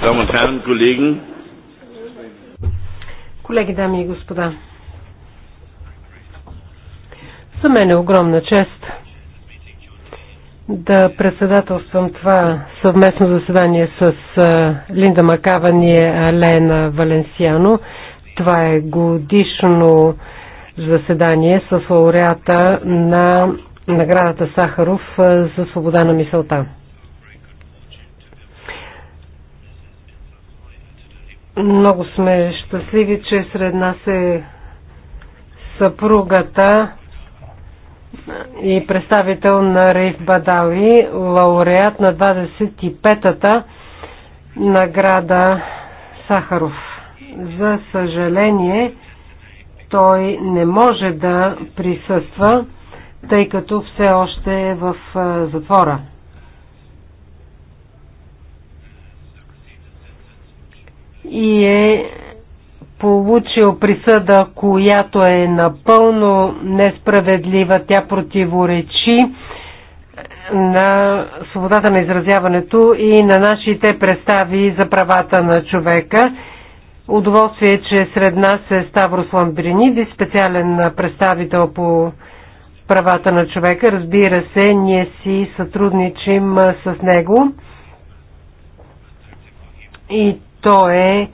Damen und Herren, Kollegen. Колеги, дами и господа, за мен е огромна чест да председателствам това съвместно заседание с Линда Макаван и Лена Валенсиано. Това е годишно заседание с лауреата на наградата Сахаров за свобода на мисълта. Много сме щастливи, че сред нас е съпругата и представител на Рейф Бадави, лауреат на 25-та награда Сахаров. За съжаление, той не може да присъства, тъй като все още е в затвора. и е получил присъда, която е напълно несправедлива. Тя противоречи на свободата на изразяването и на нашите представи за правата на човека. Удоволствие, че сред нас е Ставрос Ламбриниди, специален представител по правата на човека. Разбира се, ние си сътрудничим с него. И то е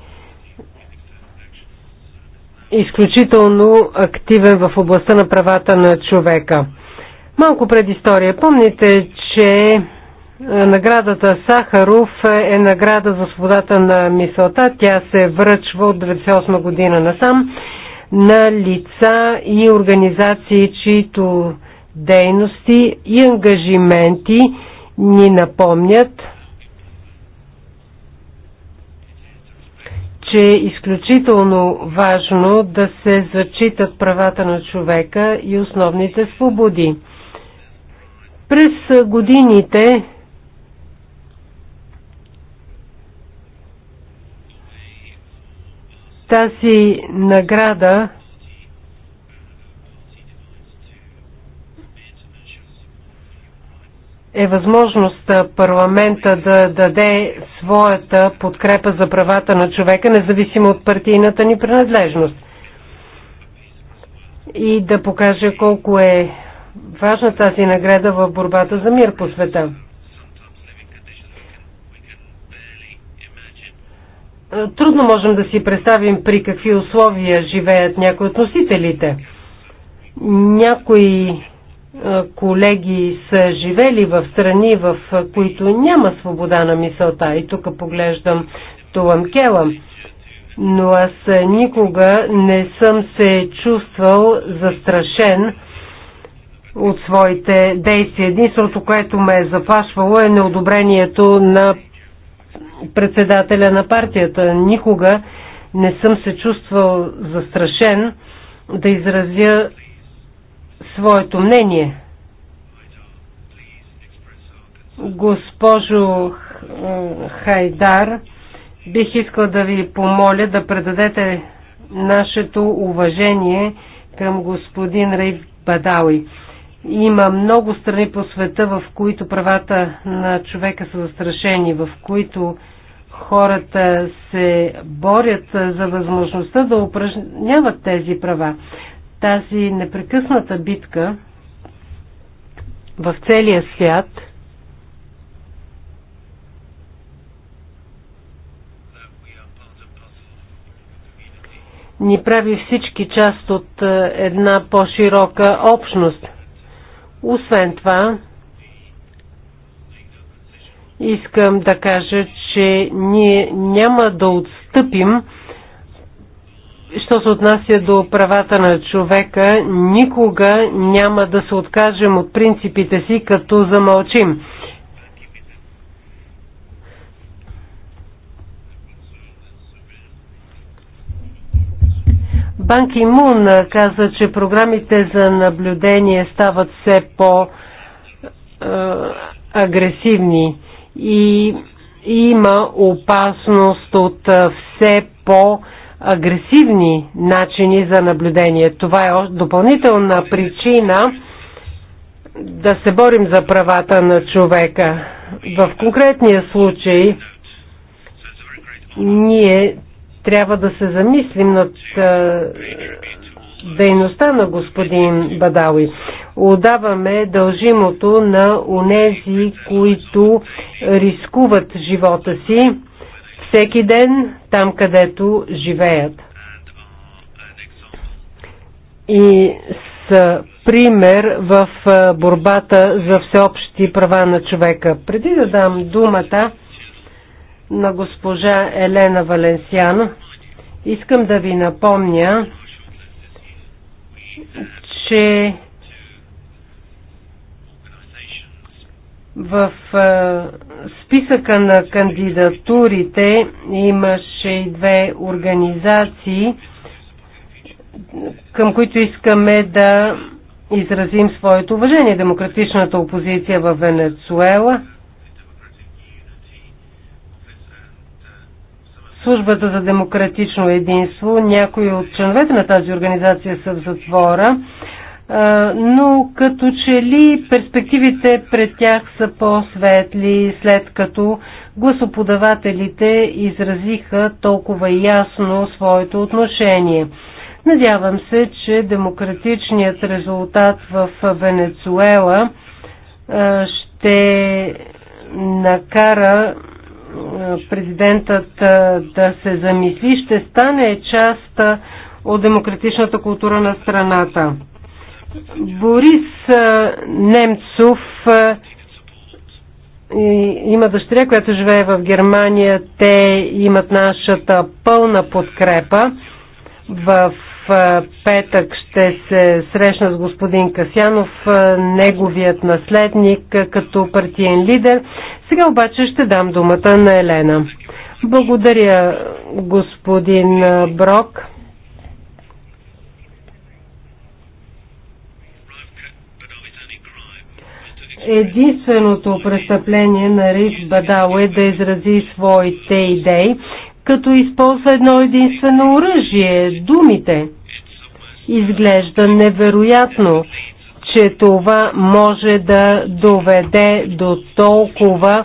изключително активен в областта на правата на човека. Малко предистория. Помните, че наградата Сахаров е награда за свободата на мисълта. Тя се връчва от 1998 година насам на лица и организации, чието дейности и ангажименти ни напомнят че е изключително важно да се зачитат правата на човека и основните свободи. През годините тази награда е възможност парламента да даде своята подкрепа за правата на човека, независимо от партийната ни принадлежност. И да покаже колко е важна тази награда в борбата за мир по света. Трудно можем да си представим при какви условия живеят някои от носителите. Някои колеги са живели в страни, в които няма свобода на мисълта. И тук поглеждам Тулам Келам. Но аз никога не съм се чувствал застрашен от своите действия. Единството, което ме е заплашвало е неодобрението на председателя на партията. Никога не съм се чувствал застрашен да изразя своето мнение. Госпожо Хайдар, бих искал да ви помоля да предадете нашето уважение към господин Рейв Бадауи. Има много страни по света, в които правата на човека са застрашени, в които хората се борят за възможността да упражняват тези права. Тази непрекъсната битка в целия свят ни прави всички част от е, една по-широка общност. Освен това, искам да кажа, че ние няма да отстъпим Що се отнася до правата на човека, никога няма да се откажем от принципите си, като замълчим. Банки Мун каза, че програмите за наблюдение стават все по-агресивни и има опасност от все по-агресивни агресивни начини за наблюдение. Това е допълнителна причина да се борим за правата на човека. В конкретния случай ние трябва да се замислим над дейността на господин Бадауи. Отдаваме дължимото на унези, които рискуват живота си всеки ден там, където живеят. И с пример в борбата за всеобщи права на човека. Преди да дам думата на госпожа Елена Валенсиана, искам да ви напомня, че в списъка на кандидатурите имаше и две организации, към които искаме да изразим своето уважение. Демократичната опозиция в Венецуела, Службата за демократично единство, някои от членовете на тази организация са в затвора, но като че ли перспективите пред тях са по-светли, след като гласоподавателите изразиха толкова ясно своето отношение. Надявам се, че демократичният резултат в Венецуела ще накара президентът да се замисли, ще стане част от демократичната култура на страната. Борис Немцов има дъщеря, която живее в Германия. Те имат нашата пълна подкрепа. В петък ще се срещна с господин Касянов, неговият наследник като партиен лидер. Сега обаче ще дам думата на Елена. Благодаря, господин Брок. Единственото престъпление на Риш Бадао е да изрази своите идеи, като използва едно единствено оръжие – думите. Изглежда невероятно, че това може да доведе до толкова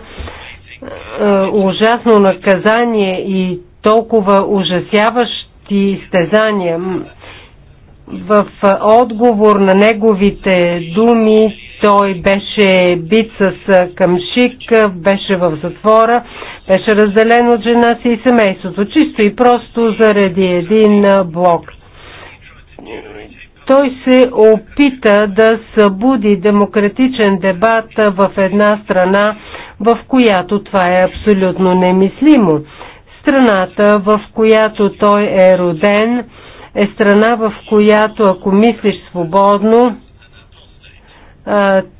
е, ужасно наказание и толкова ужасяващи стезания. В отговор на неговите думи той беше бит с камшик, беше в затвора, беше разделен от жена си и семейството, чисто и просто заради един блок. Той се опита да събуди демократичен дебат в една страна, в която това е абсолютно немислимо. Страната, в която той е роден, е страна, в която ако мислиш свободно,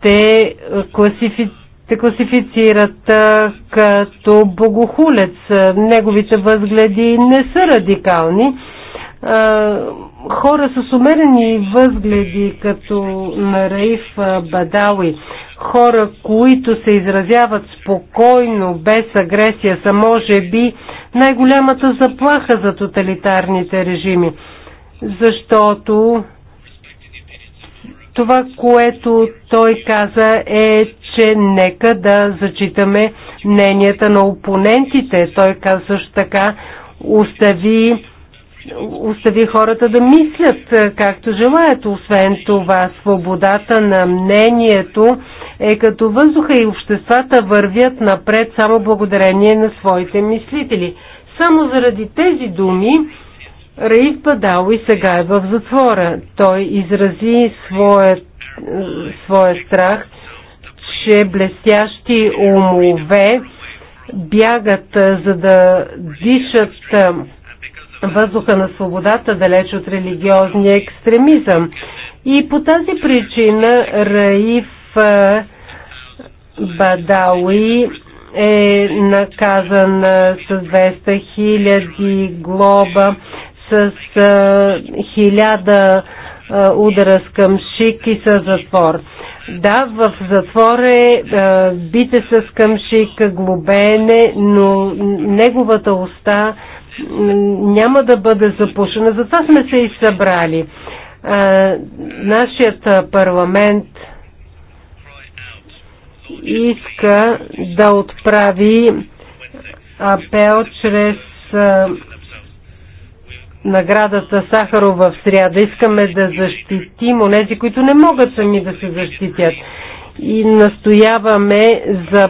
те, класифи, те класифицират като богохулец. Неговите възгледи не са радикални. Хора с умерени възгледи, като на Раиф Бадауи, хора, които се изразяват спокойно, без агресия, са може би най-голямата заплаха за тоталитарните режими, защото това, което той каза е, че нека да зачитаме мненията на опонентите. Той каза също така, остави, остави хората да мислят е, както желаят. Освен това, свободата на мнението е като въздуха и обществата вървят напред само благодарение на своите мислители. Само заради тези думи Раиф Бадауи сега е в затвора. Той изрази своя, своя страх, че блестящи умове бягат, за да дишат въздуха на свободата далеч от религиозния екстремизъм. И по тази причина Раиф Бадауи е наказан с 200 000 глоба с хиляда удара с къмшик и с затвор. Да, в затворе бите с къмшик, глобеене, но неговата уста няма да бъде запушена. Затова сме се и събрали. Нашият парламент иска да отправи апел чрез наградата Сахаров в сряда. Искаме да защитим онези, които не могат сами да се защитят. И настояваме за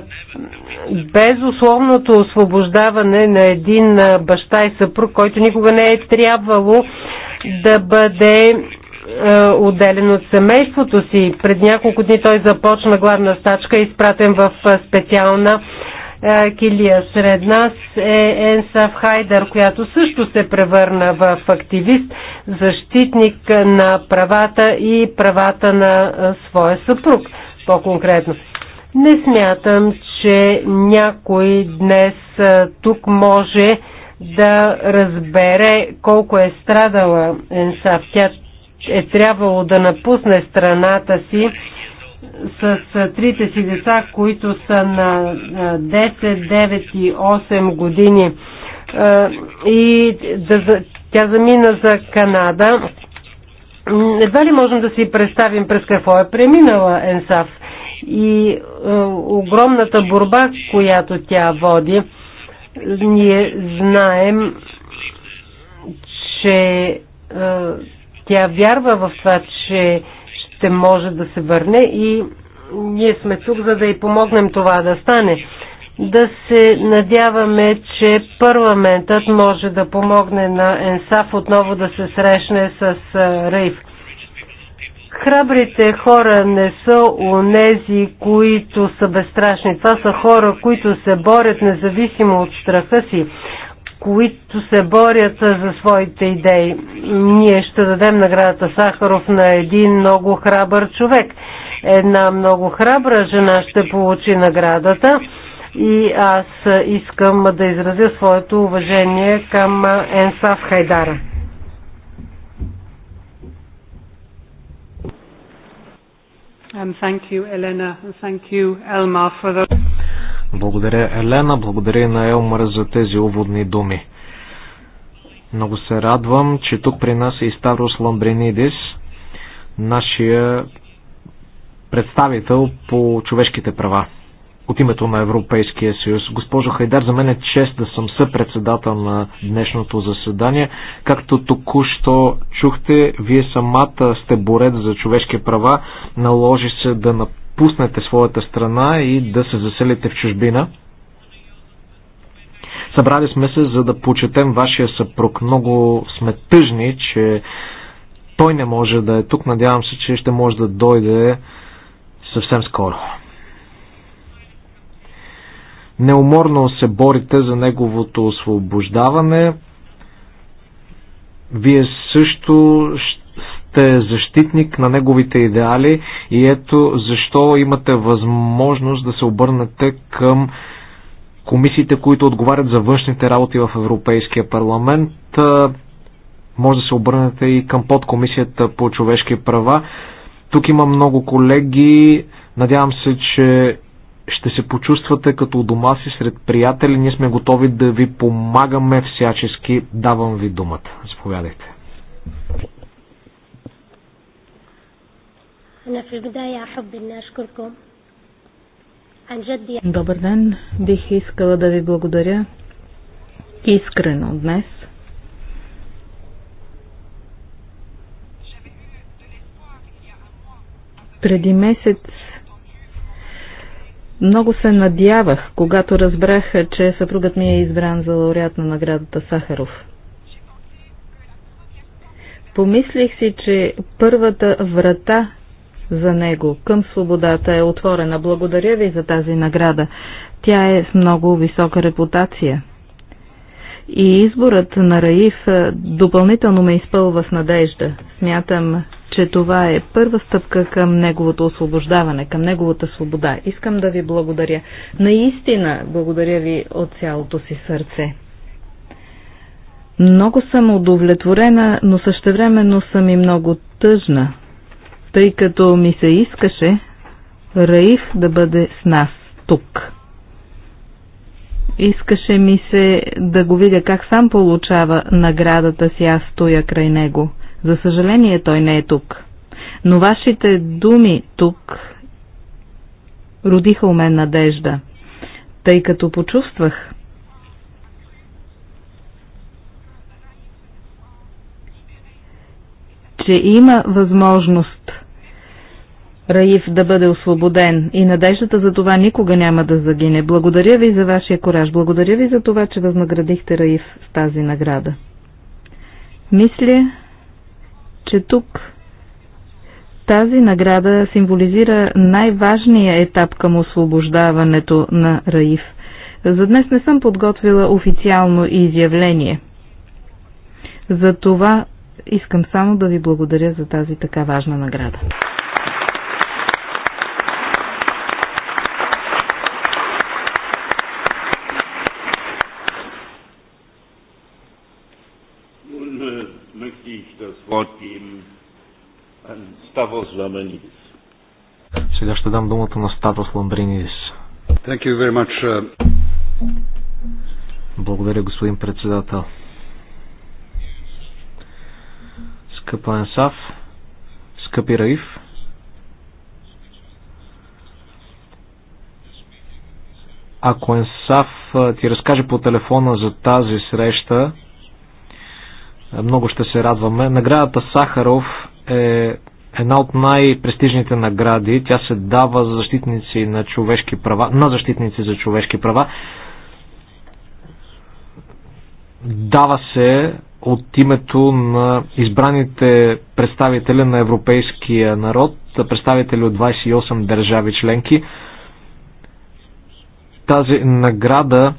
безусловното освобождаване на един баща и съпруг, който никога не е трябвало да бъде отделен от семейството си. Пред няколко дни той започна главна стачка, изпратен в специална е, Килия. Сред нас е Енсаф Хайдър, която също се превърна в активист, защитник на правата и правата на е, своя съпруг по-конкретно. Не смятам, че някой днес е, тук може да разбере колко е страдала Енсаф. Тя е трябвало да напусне страната си с трите си деца, които са на 10, 9 и 8 години. И тя замина за Канада. Едва ли можем да си представим през какво е преминала Енсав и огромната борба, която тя води. Ние знаем, че тя вярва в това, че ще може да се върне и ние сме тук, за да й помогнем това да стане. Да се надяваме, че парламентът може да помогне на ЕНСАФ отново да се срещне с Рейв. Храбрите хора не са онези, които са безстрашни. Това са хора, които се борят независимо от страха си които се борят за своите идеи. Ние ще дадем наградата Сахаров на един много храбър човек. Една много храбра жена ще получи наградата и аз искам да изразя своето уважение към Енсав Хайдара. Um, thank you, Elena, thank you, Elmar, for the... Благодаря Елена, благодаря и на Елмар за тези уводни думи. Много се радвам, че тук при нас е и Ставрос Ламбринидис, нашия представител по човешките права от името на Европейския съюз. Госпожо Хайдар, за мен е чест да съм съпредседател на днешното заседание. Както току-що чухте, вие самата сте борец за човешки права. Наложи се да направите напуснете своята страна и да се заселите в чужбина. Събрали сме се, за да почетем вашия съпруг. Много сме тъжни, че той не може да е тук. Надявам се, че ще може да дойде съвсем скоро. Неуморно се борите за неговото освобождаване. Вие също ще е защитник на неговите идеали и ето защо имате възможност да се обърнете към комисиите, които отговарят за външните работи в Европейския парламент. Може да се обърнете и към подкомисията по човешки права. Тук има много колеги. Надявам се, че ще се почувствате като у дома си сред приятели. Ние сме готови да ви помагаме всячески. Давам ви думата. Заповядайте. أنا في البداية أحب أن أشكركم Добър ден! Бих искала да ви благодаря искрено днес. Преди месец много се надявах, когато разбрах, че съпругът ми е избран за лауреат на наградата Сахаров. Помислих си, че първата врата за него. Към свободата е отворена. Благодаря ви за тази награда. Тя е с много висока репутация. И изборът на Раиф допълнително ме изпълва с надежда. Смятам, че това е първа стъпка към неговото освобождаване, към неговата свобода. Искам да ви благодаря. Наистина благодаря ви от цялото си сърце. Много съм удовлетворена, но същевременно съм и много тъжна тъй като ми се искаше Раиф да бъде с нас тук. Искаше ми се да го видя как сам получава наградата си, аз стоя край него. За съжаление той не е тук. Но вашите думи тук родиха у мен надежда, тъй като почувствах, че има възможност Раиф да бъде освободен и надеждата за това никога няма да загине. Благодаря ви за вашия кораж. Благодаря ви за това, че възнаградихте Раиф с тази награда. Мисля, че тук тази награда символизира най-важния етап към освобождаването на Раиф. За днес не съм подготвила официално изявление. За това искам само да ви благодаря за тази така важна награда. Ставос Ламанидис. Сега ще дам думата на Ставос Ламбринидис. Thank you very much. Uh, Благодаря, господин председател. Скъпа Ансав, скъпи Раиф, ако Енсаф ти разкаже по телефона за тази среща, много ще се радваме. Наградата Сахаров е една от най-престижните награди. Тя се дава за защитници на човешки права, на защитници за човешки права. Дава се от името на избраните представители на европейския народ, представители от 28 държави членки. Тази награда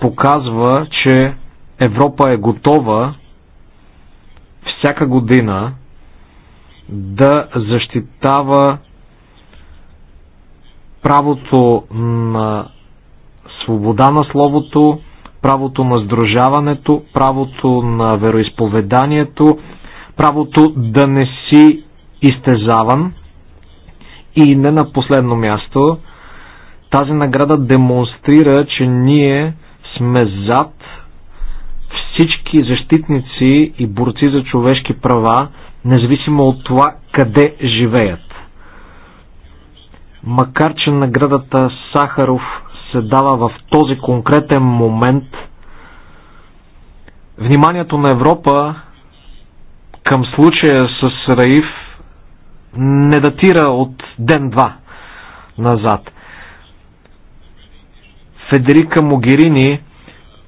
показва, че Европа е готова всяка година да защитава правото на свобода на словото, правото на сдружаването, правото на вероисповеданието, правото да не си изтезаван и не на последно място. Тази награда демонстрира, че ние сме зад всички защитници и борци за човешки права, независимо от това къде живеят. Макар, че наградата Сахаров се дава в този конкретен момент, вниманието на Европа към случая с Раиф не датира от ден-два назад. Федерика Могерини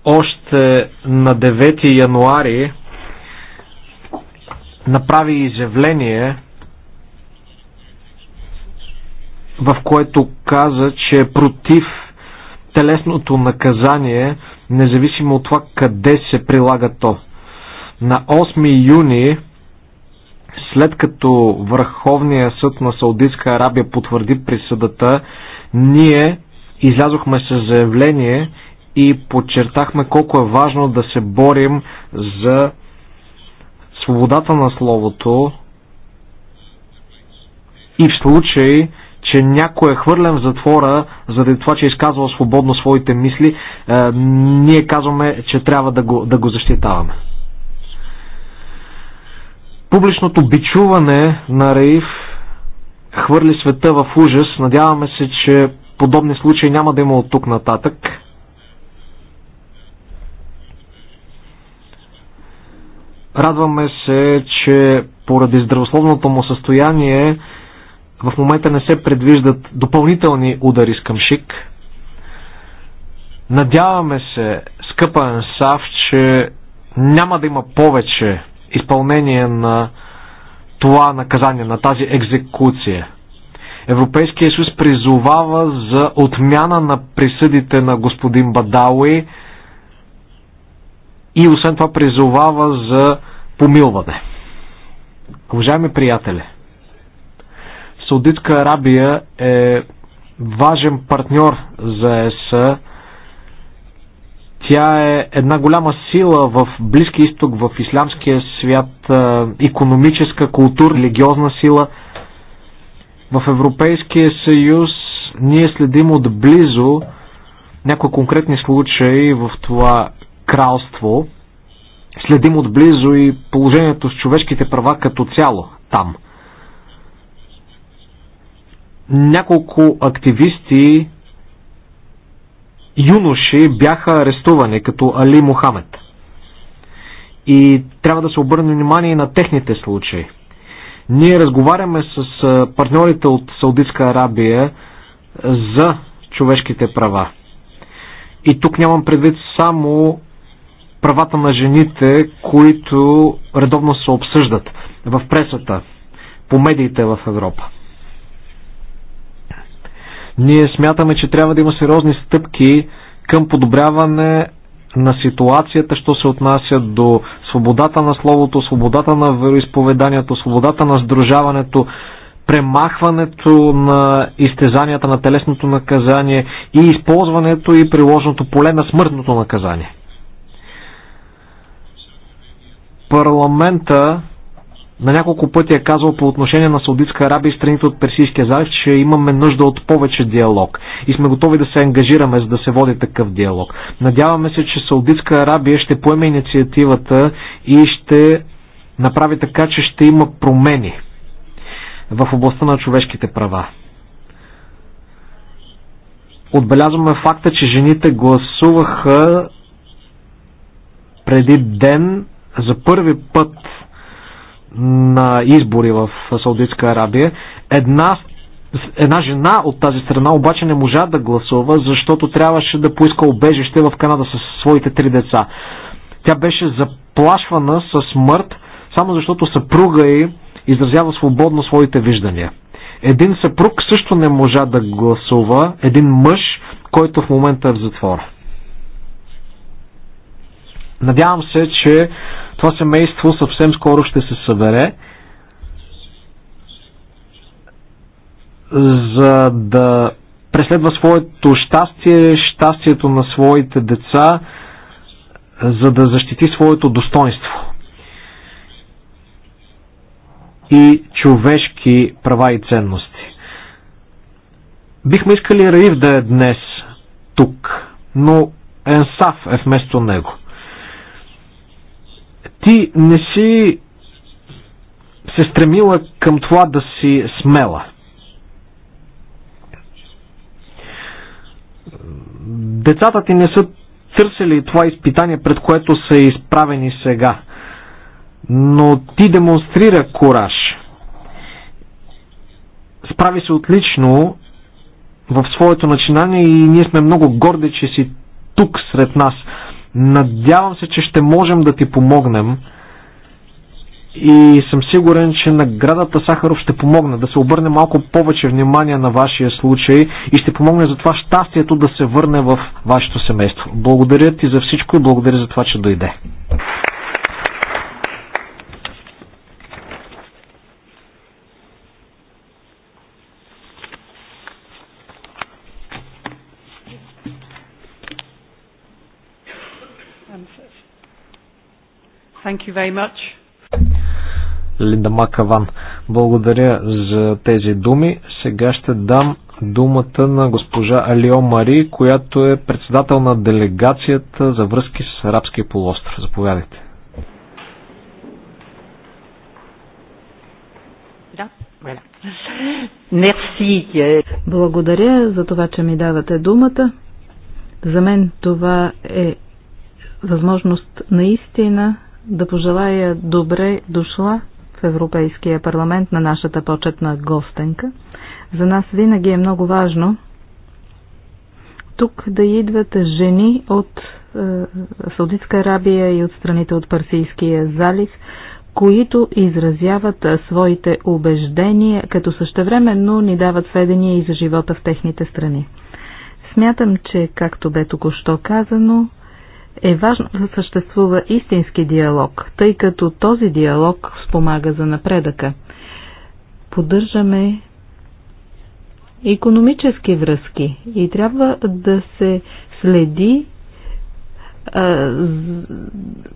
още на 9 януари направи изявление, в което каза, че е против телесното наказание, независимо от това къде се прилага то. На 8 юни, след като Върховния съд на Саудитска Арабия потвърди присъдата, ние излязохме с заявление и подчертахме колко е важно да се борим за свободата на словото и в случай, че някой е хвърлен в затвора заради това, че е изказвал свободно своите мисли, е, ние казваме, че трябва да го, да го защитаваме. Публичното бичуване на Раиф хвърли света в ужас. Надяваме се, че подобни случаи няма да има от тук нататък. Радваме се, че поради здравословното му състояние в момента не се предвиждат допълнителни удари с къмшик. Надяваме се, скъпа Енсав, че няма да има повече изпълнение на това наказание, на тази екзекуция. Европейския съюз призовава за отмяна на присъдите на господин Бадауи и освен това призовава за помилване. Уважаеми приятели, Саудитска Арабия е важен партньор за ЕС. Тя е една голяма сила в Близки изток, в ислямския свят, економическа, култура, религиозна сила. В Европейския съюз ние следим отблизо някои конкретни случаи в това кралство. Следим отблизо и положението с човешките права като цяло там. Няколко активисти юноши бяха арестувани, като Али Мохамед. И трябва да се обърне внимание на техните случаи. Ние разговаряме с партньорите от Саудитска Арабия за човешките права. И тук нямам предвид само правата на жените, които редовно се обсъждат в пресата, по медиите в Европа. Ние смятаме, че трябва да има сериозни стъпки към подобряване на ситуацията, що се отнася до свободата на словото, свободата на вероисповеданието, свободата на сдружаването, премахването на изтезанията на телесното наказание и използването и приложното поле на смъртното наказание. Парламента на няколко пъти е казал по отношение на Саудитска Арабия и страните от Персийския залив, че имаме нужда от повече диалог и сме готови да се ангажираме, за да се води такъв диалог. Надяваме се, че Саудитска Арабия ще поеме инициативата и ще направи така, че ще има промени в областта на човешките права. Отбелязваме факта, че жените гласуваха преди ден за първи път на избори в Саудитска Арабия. Една, една жена от тази страна обаче не можа да гласува, защото трябваше да поиска обежище в Канада със своите три деца. Тя беше заплашвана със смърт, само защото съпруга й изразява свободно своите виждания. Един съпруг също не можа да гласува, един мъж, който в момента е в затвора. Надявам се, че това семейство съвсем скоро ще се събере, за да преследва своето щастие, щастието на своите деца, за да защити своето достоинство и човешки права и ценности. Бихме искали Раив да е днес тук, но Енсаф е вместо него. Ти не си се стремила към това да си смела. Децата ти не са търсили това изпитание, пред което са изправени сега. Но ти демонстрира кураж. Справи се отлично в своето начинание и ние сме много горди, че си тук сред нас. Надявам се, че ще можем да ти помогнем и съм сигурен, че наградата Сахаров ще помогне да се обърне малко повече внимание на вашия случай и ще помогне за това щастието да се върне в вашето семейство. Благодаря ти за всичко и благодаря за това, че дойде. Thank you very much. Линда Макаван, благодаря за тези думи. Сега ще дам думата на госпожа Алио Мари, която е председател на делегацията за връзки с Арабския полуостров. Заповядайте. Благодаря за това, че ми давате думата. За мен това е възможност наистина да пожелая добре дошла в Европейския парламент на нашата почетна гостенка. За нас винаги е много важно тук да идват жени от е, Саудитска Арабия и от страните от Парсийския залив, които изразяват е, своите убеждения, като същевременно ни дават сведения и за живота в техните страни. Смятам, че, както бе току-що казано, е важно да съществува истински диалог, тъй като този диалог спомага за напредъка. Поддържаме економически връзки и трябва да се следи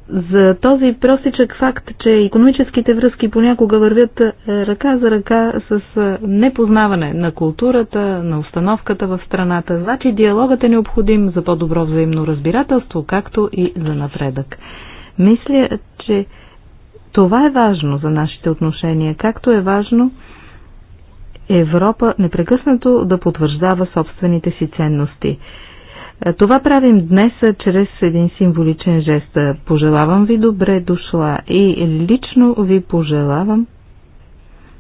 за този простичък факт, че економическите връзки понякога вървят е, ръка за ръка с е, непознаване на културата, на установката в страната. Значи диалогът е необходим за по-добро взаимно разбирателство, както и за напредък. Мисля, че това е важно за нашите отношения, както е важно Европа непрекъснато да потвърждава собствените си ценности. Е, това правим днес е, чрез един символичен жест. Е, пожелавам ви добре дошла и лично ви пожелавам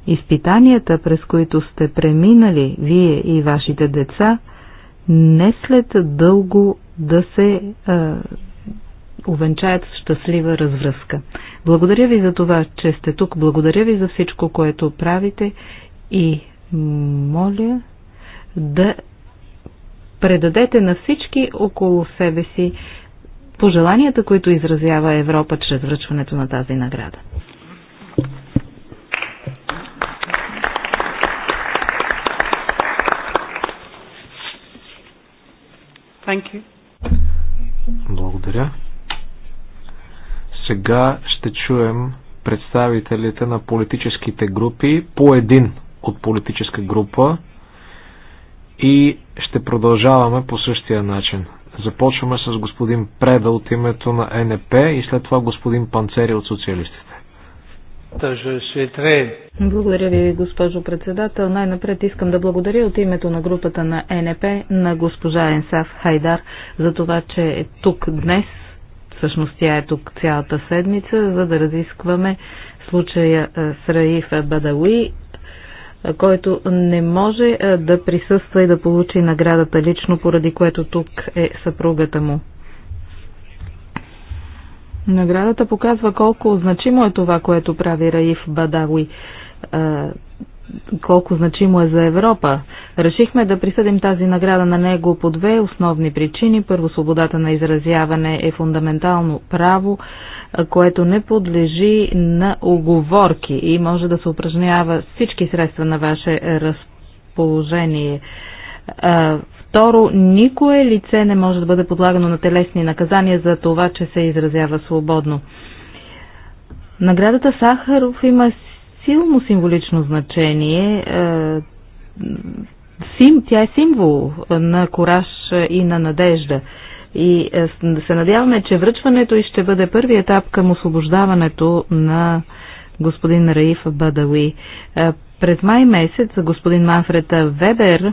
изпитанията, през които сте преминали вие и вашите деца, не след дълго да се а, увенчаят с щастлива развръзка. Благодаря ви за това, че сте тук. Благодаря ви за всичко, което правите и моля да предадете на всички около себе си пожеланията, които изразява Европа чрез връчването на тази награда. Thank you. Благодаря. Сега ще чуем представителите на политическите групи по един от политическа група и ще продължаваме по същия начин. Започваме с господин Преда от името на НП и след това господин Панцери от социалистите. Благодаря ви, госпожо председател. Най-напред искам да благодаря от името на групата на НП на госпожа Енсав Хайдар за това, че е тук днес. Всъщност тя е тук цялата седмица, за да разискваме случая е, с Раиф Бадауи който не може да присъства и да получи наградата лично, поради което тук е съпругата му. Наградата показва колко значимо е това, което прави Раиф Бадауи колко значимо е за Европа. Решихме да присъдим тази награда на него по две основни причини. Първо, свободата на изразяване е фундаментално право, което не подлежи на оговорки и може да се упражнява всички средства на ваше разположение. Второ, никое лице не може да бъде подлагано на телесни наказания за това, че се изразява свободно. Наградата Сахаров има силно символично значение. Е, тя е символ на кораж и на надежда. И е, се надяваме, че връчването и ще бъде първи етап към освобождаването на господин Раиф Бадауи. Е, през май месец господин Манфред Вебер,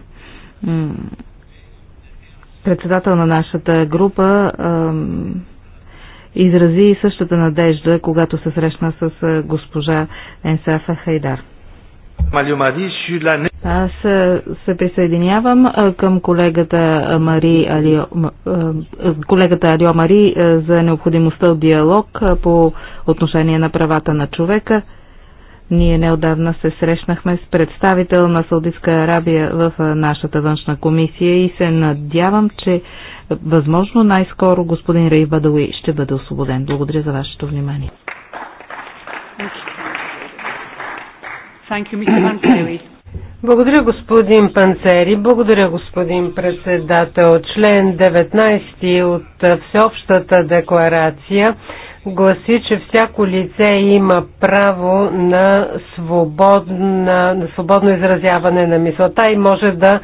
председател на нашата група, изрази същата надежда, когато се срещна с госпожа Енсафа Хайдар. Аз се присъединявам към колегата Мари Алио, колегата Алио Мари за необходимостта от диалог по отношение на правата на човека. Ние неодавна се срещнахме с представител на Саудитска Арабия в нашата външна комисия и се надявам, че възможно най-скоро господин Рей Бадауи ще бъде освободен. Благодаря за вашето внимание. Благодаря, господин Панцери. Благодаря, господин председател. Член 19 от Всеобщата декларация гласи, че всяко лице има право на, свободна, на свободно изразяване на мисълта и може да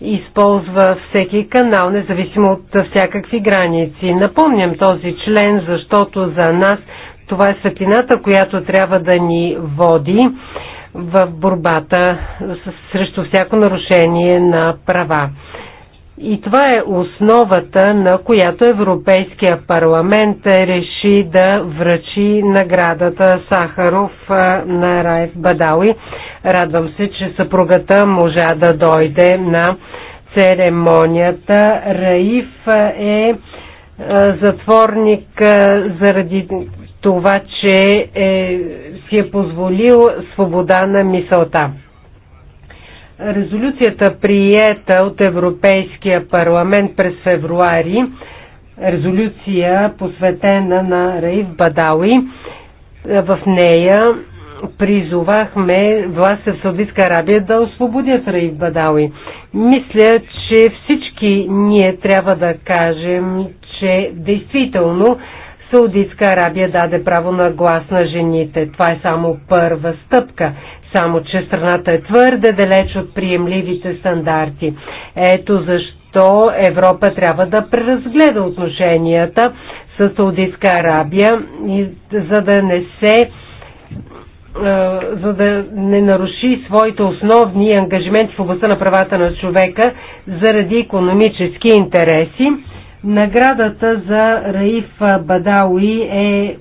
използва всеки канал, независимо от всякакви граници. Напомням този член, защото за нас това е светлината, която трябва да ни води в борбата срещу всяко нарушение на права. И това е основата, на която Европейския парламент реши да връчи наградата Сахаров на Райф Бадауи. Радвам се, че съпругата можа да дойде на церемонията. Раиф е затворник заради това, че е, си е позволил свобода на мисълта. Резолюцията приета от Европейския парламент през февруари, резолюция посветена на Раив Бадауи, в нея призовахме властта в Саудитска Арабия да освободят Раив Бадауи. Мисля, че всички ние трябва да кажем, че действително Саудитска Арабия даде право на глас на жените. Това е само първа стъпка само че страната е твърде далеч от приемливите стандарти. Ето защо Европа трябва да преразгледа отношенията с Саудитска Арабия, за да не се за да не наруши своите основни ангажименти в областта на правата на човека заради економически интереси. Наградата за Раиф Бадауи е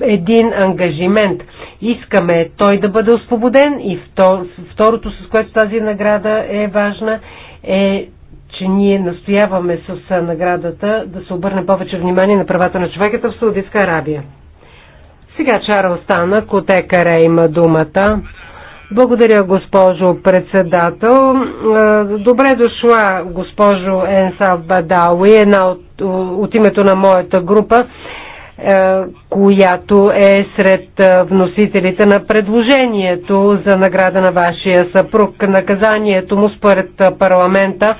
един ангажимент – Искаме той да бъде освободен и второто, с което тази награда е важна, е, че ние настояваме с наградата да се обърне повече внимание на правата на човеката в Саудитска Арабия. Сега Чарл Стана, Котекаре има думата. Благодаря, госпожо председател. Добре дошла, госпожо Енсав Бадауи, една от, от името на моята група. Е, която е сред е, вносителите на предложението за награда на вашия съпруг. Наказанието му според парламента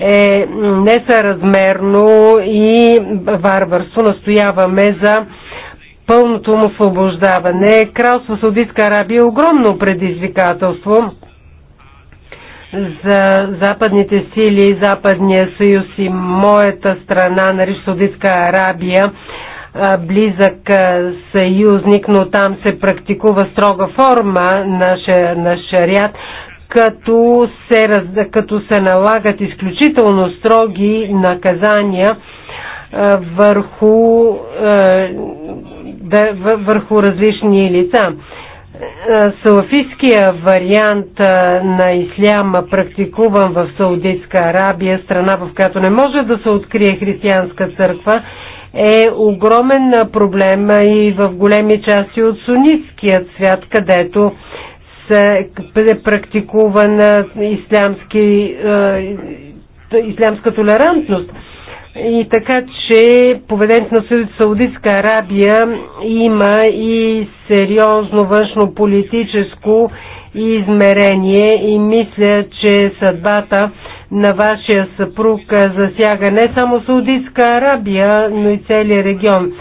е несъразмерно и варварство. Настояваме за пълното му освобождаване. Кралство Саудитска Арабия е огромно предизвикателство за западните сили, Западния съюз и моята страна, нарича Саудитска Арабия, близък съюзник, но там се практикува строга форма на, на като се, като се налагат изключително строги наказания върху, върху различни лица. Салафистския вариант на исляма, практикуван в Саудитска Арабия, страна в която не може да се открие християнска църква, е огромен проблем и в големи части от сунитският свят, където е практикуван е, ислямски, е, ислямска толерантност. И така, че поведението на Саудитска Арабия има и сериозно външно политическо измерение и мисля, че съдбата на вашия съпруг засяга не само Саудитска Арабия, но и целият регион.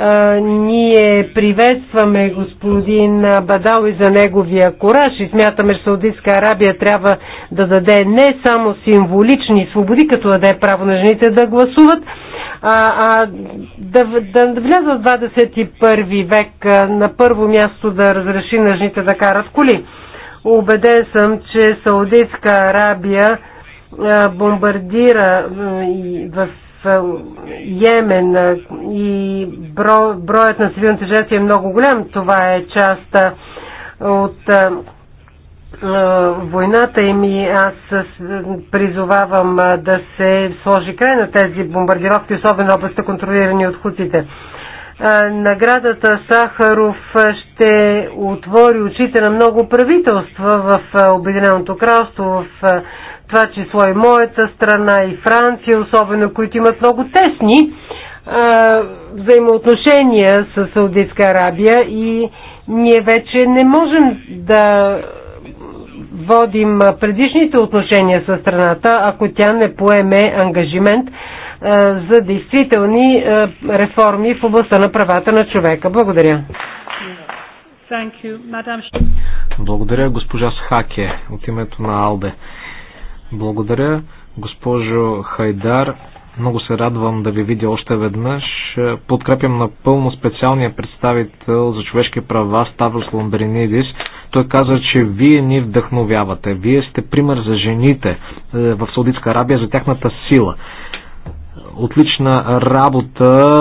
А, ние приветстваме господин Бадал и за неговия кораж и смятаме, че Саудитска Арабия трябва да даде не само символични свободи, като даде право на жените да гласуват, а, а да, да, да вляза в 21 век на първо място да разреши на жените да карат коли. Убеден съм, че Саудитска Арабия бомбардира в Йемен и броят на цивилните жертви е много голям. Това е част от войната им и аз призовавам да се сложи край на тези бомбардировки, особено областта контролирани от хуците наградата Сахаров ще отвори очите на много правителства в Обединеното кралство, в това число и моята страна и Франция, особено които имат много тесни взаимоотношения с Саудитска Арабия и ние вече не можем да водим предишните отношения с страната, ако тя не поеме ангажимент е, за действителни е, реформи в областта на правата на човека. Благодаря. Благодаря, госпожа Схаке, от името на Алде. Благодаря, госпожо Хайдар. Много се радвам да ви видя още веднъж. Подкрепям напълно специалния представител за човешки права Ставрос Ламбринидис. Той каза, че вие ни вдъхновявате. Вие сте пример за жените е, в Саудитска Арабия, за тяхната сила отлична работа.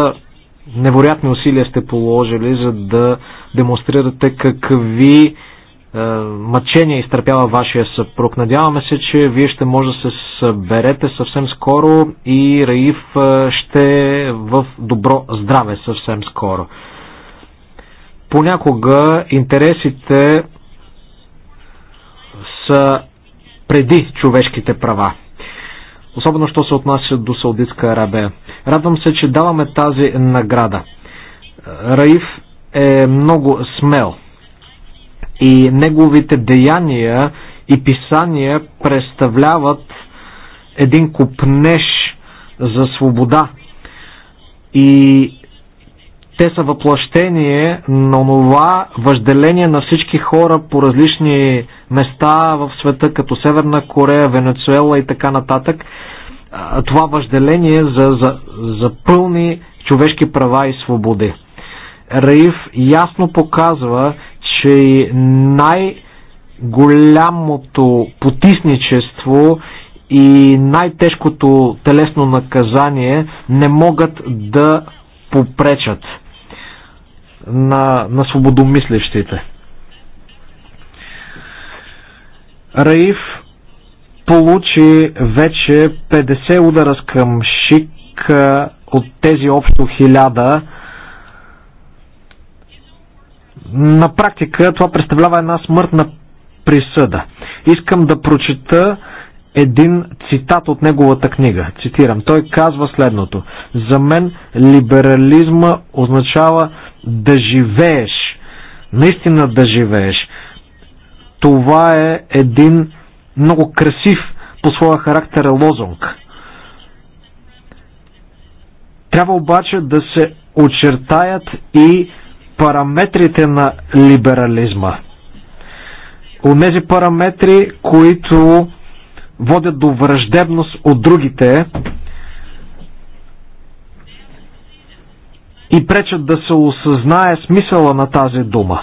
Невероятни усилия сте положили, за да демонстрирате какви е, мъчения изтърпява вашия съпруг. Надяваме се, че вие ще може да се съберете съвсем скоро и Раиф е, ще е в добро здраве съвсем скоро. Понякога интересите са преди човешките права особено що се отнася до Саудитска Арабия. Радвам се, че даваме тази награда. Раиф е много смел и неговите деяния и писания представляват един купнеж за свобода и те са въплащение на това въжделение на всички хора по различни места в света, като Северна Корея, Венецуела и така нататък. Това въжделение за, за, за пълни човешки права и свободи. Раиф ясно показва, че най-голямото потисничество и най-тежкото телесно наказание не могат да попречат на, на свободомислещите. Раиф получи вече 50 удара с шик от тези общо хиляда. На практика това представлява една смъртна присъда. Искам да прочета един цитат от неговата книга. Цитирам. Той казва следното. За мен либерализма означава да живееш, наистина да живееш. Това е един много красив по своя характер лозунг. Трябва обаче да се очертаят и параметрите на либерализма. От тези параметри, които водят до враждебност от другите, и пречат да се осъзнае смисъла на тази дума.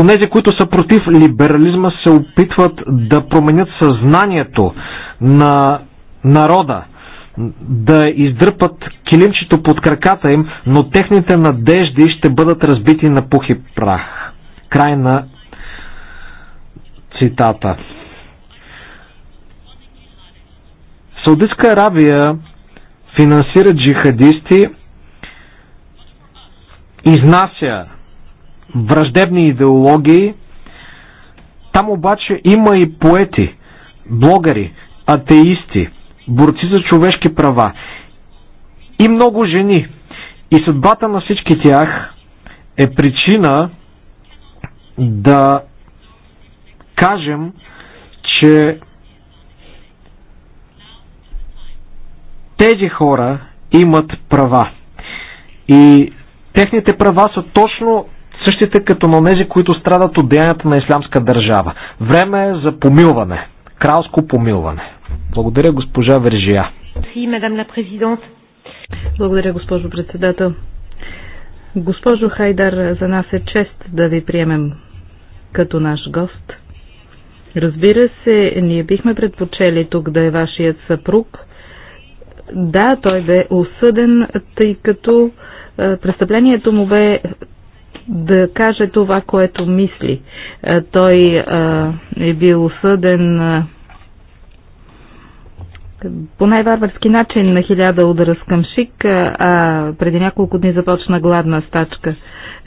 Онези, които са против либерализма, се опитват да променят съзнанието на народа, да издърпат килимчето под краката им, но техните надежди ще бъдат разбити на пух и прах. Край на цитата. Саудитска Аравия финансира джихадисти, изнася враждебни идеологии. Там обаче има и поети, блогъри, атеисти, борци за човешки права и много жени. И съдбата на всички тях е причина да кажем, че Тези хора имат права. И техните права са точно същите като на тези, които страдат от деянията на ислямска държава. Време е за помилване. Кралско помилване. Благодаря, госпожа Вержия. Благодаря, госпожо председател. Госпожо Хайдар, за нас е чест да ви приемем като наш гост. Разбира се, ние бихме предпочели тук да е вашият съпруг – да, той бе осъден, тъй като е, престъплението му бе да каже това, което мисли. Е, той е, е бил осъден по най-варварски начин на хиляда удара с къмшик, а преди няколко дни започна гладна стачка.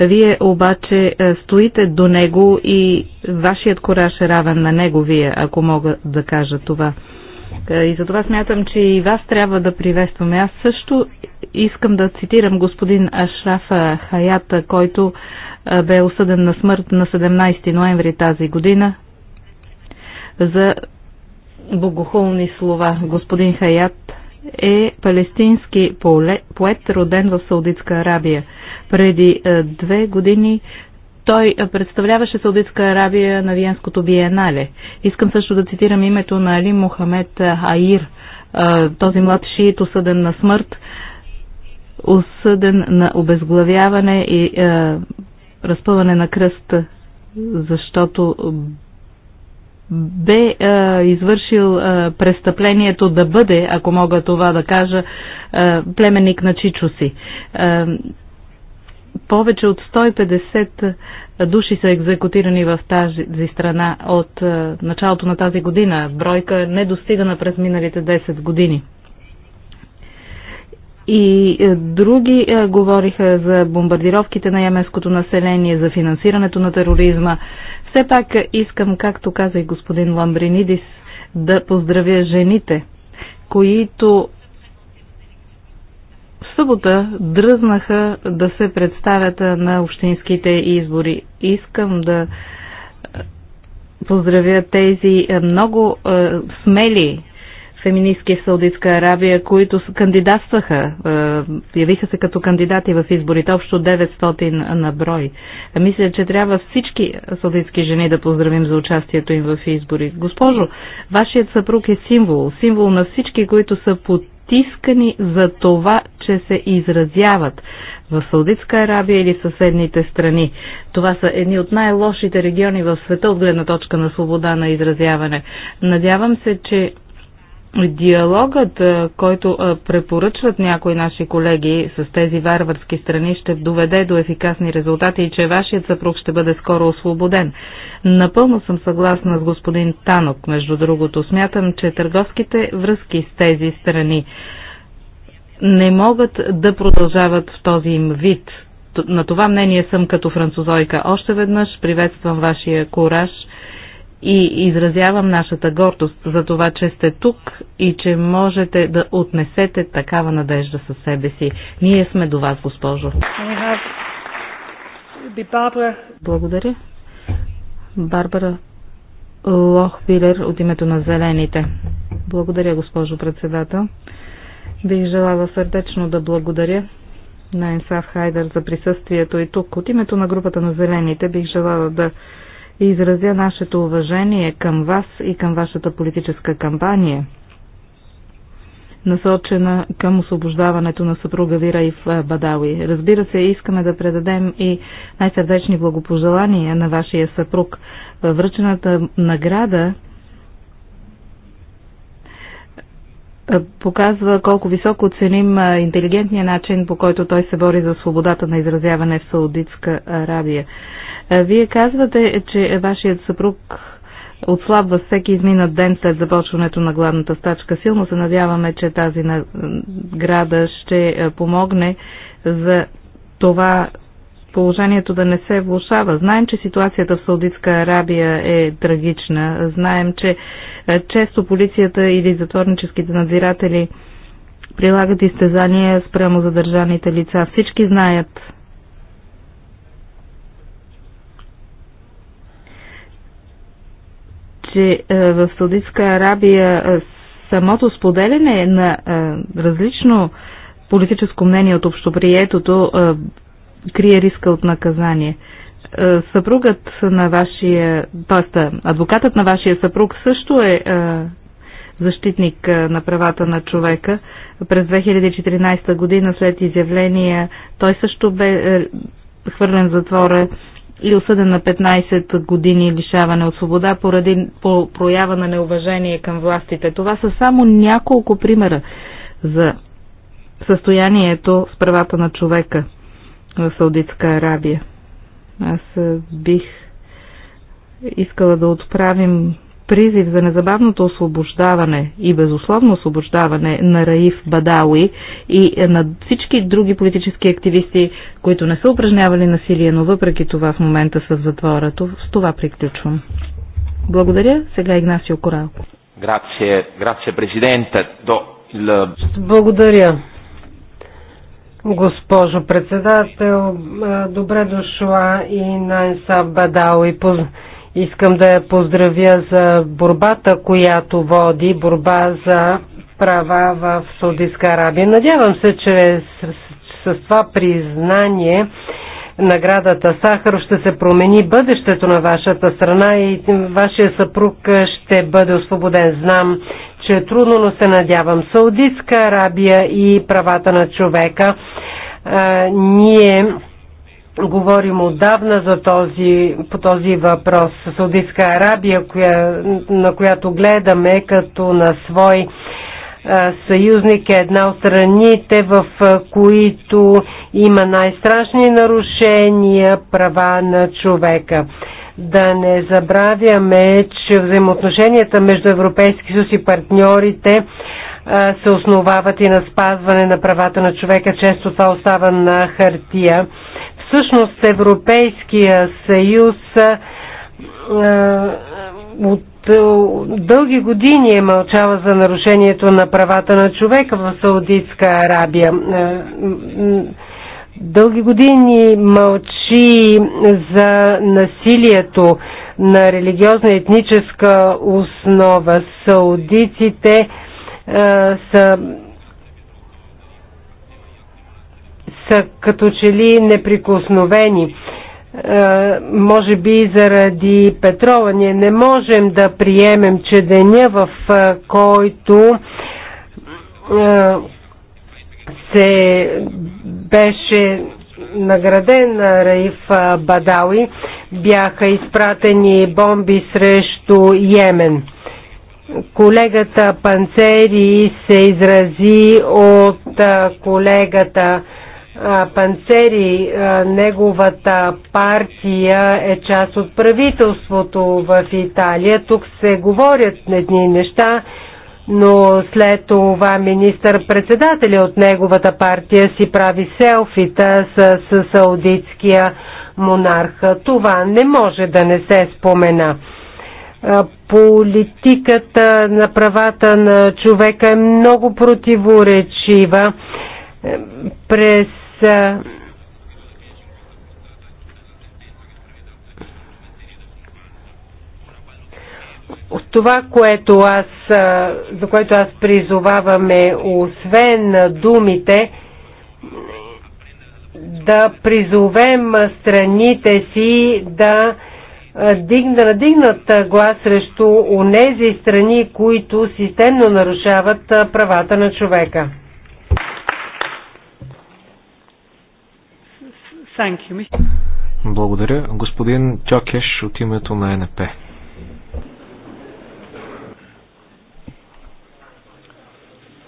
Вие обаче стоите до него и вашият кораж е равен на неговия, ако мога да кажа това. Е, и затова смятам, че и вас трябва да приветстваме. Аз също искам да цитирам господин Ашрафа Хаята, който е, бе осъден на смърт на 17 ноември тази година за богохулни слова. Господин Хаят е палестински поет, роден в Саудитска Арабия. Преди е, две години той представляваше Саудитска Арабия на Виенското биенале. Искам също да цитирам името на Али Мохамед Аир, този млад шиит, осъден на смърт, осъден на обезглавяване и разпъване на кръст, защото бе е, извършил е, престъплението да бъде, ако мога това да кажа, е, племенник на Чичо си повече от 150 души са екзекутирани в тази страна от началото на тази година. Бройка е недостигана през миналите 10 години. И други говориха за бомбардировките на яменското население, за финансирането на тероризма. Все пак искам, както каза и господин Ламбринидис, да поздравя жените, които събота дръзнаха да се представят на общинските избори. Искам да е, поздравя тези е, много е, смели феминистки в Саудитска Арабия, които кандидатстваха, е, явиха се като кандидати в изборите, общо 900 на брой. Мисля, че трябва всички саудитски жени да поздравим за участието им в избори. Госпожо, вашият съпруг е символ, символ на всички, които са под потискани за това, че се изразяват в Саудитска Арабия или съседните страни. Това са едни от най-лошите региони в света от гледна точка на свобода на изразяване. Надявам се, че Диалогът, който препоръчват някои наши колеги с тези варварски страни, ще доведе до ефикасни резултати и че вашият съпруг ще бъде скоро освободен. Напълно съм съгласна с господин Танок, между другото. Смятам, че търговските връзки с тези страни не могат да продължават в този им вид. На това мнение съм като французойка. Още веднъж приветствам вашия кураж – и изразявам нашата гордост за това, че сте тук и че можете да отнесете такава надежда със себе си. Ние сме до вас, госпожо. Благодаря. Барбара Лохвилер от името на Зелените. Благодаря, госпожо председател. Бих желала сърдечно да благодаря на Енсав Хайдер за присъствието и тук. От името на групата на Зелените бих желала да и изразя нашето уважение към вас и към вашата политическа кампания, насочена към освобождаването на съпруга Вира и в Бадауи. Разбира се, искаме да предадем и най-сърдечни благопожелания на вашия съпруг. във Връчената награда Е, показва колко високо оценим е, интелигентния начин, по който той се бори за свободата на изразяване в Саудитска Арабия. Е, вие казвате, че вашият съпруг отслабва всеки изминат ден след започването на гладната стачка. Силно се надяваме, че тази награда ще помогне за това положението да не се влушава. Знаем, че ситуацията в Саудитска Арабия е трагична. Знаем, че е, често полицията или затворническите надзиратели прилагат изтезания спрямо задържаните лица. Всички знаят че е, в Саудитска Арабия е, самото споделяне на различно политическо мнение от общоприетото крие риска от наказание. Е, съпругът на вашия, т.е. адвокатът на вашия съпруг също е, е защитник е, на правата на човека. През 2014 година след изявления той също бе хвърлен в затвора и осъден на 15 години лишаване от свобода поради по проява на неуважение към властите. Това са само няколко примера за състоянието с правата на човека в Саудитска Арабия. Аз бих искала да отправим призив за незабавното освобождаване и безусловно освобождаване на Раиф Бадауи и на всички други политически активисти, които не са упражнявали насилие, но въпреки това в момента са в затвора. С това приключвам. Благодаря. Сега Игнасио Корал. Благодаря. Госпожо председател, добре дошла и на Енсав и поз... искам да я поздравя за борбата, която води, борба за права в Саудитска Арабия. Надявам се, че с, с, това признание наградата Сахар ще се промени бъдещето на вашата страна и вашия съпруг ще бъде освободен. Знам, че е трудно, но се надявам. Саудитска Арабия и правата на човека а, ние говорим отдавна за този, по този въпрос. Саудитска Арабия, коя, на която гледаме като на свой съюзник е една от страните, в които има най-страшни нарушения права на човека. Да не забравяме, че взаимоотношенията между Европейски съюз и партньорите се основават и на спазване на правата на човека. Често това остава на хартия. Всъщност Европейския съюз от дълги години е мълчала за нарушението на правата на човека в Саудитска Арабия. Дълги години мълчи за насилието на религиозна и етническа основа. Саудиците е, са са като че ли неприкосновени. Е, може би заради петрова. ние не можем да приемем, че деня в е, който се беше награден Раиф Бадауи, бяха изпратени бомби срещу Йемен колегата Панцери се изрази от колегата Панцери. Неговата партия е част от правителството в Италия. Тук се говорят едни неща, но след това министър-председателя от неговата партия си прави селфита с, с саудитския монарх. Това не може да не се спомена политиката на правата на човека е много противоречива. Е, през е, това, което аз, е, за което аз призоваваме, освен думите, да призовем страните си да е, да надигнат е, глас срещу онези страни, които системно нарушават е, правата на човека. Благодаря. Господин Чокеш от името на НП.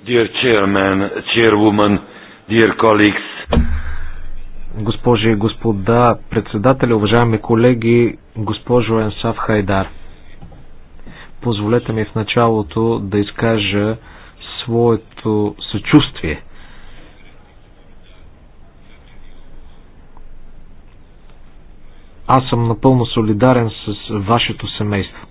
Dear chairman, chairwoman, dear colleagues госпожи и господа председатели, уважаеми колеги, госпожо Енсав Хайдар. Позволете ми в началото да изкажа своето съчувствие аз съм напълно солидарен с вашето семейство.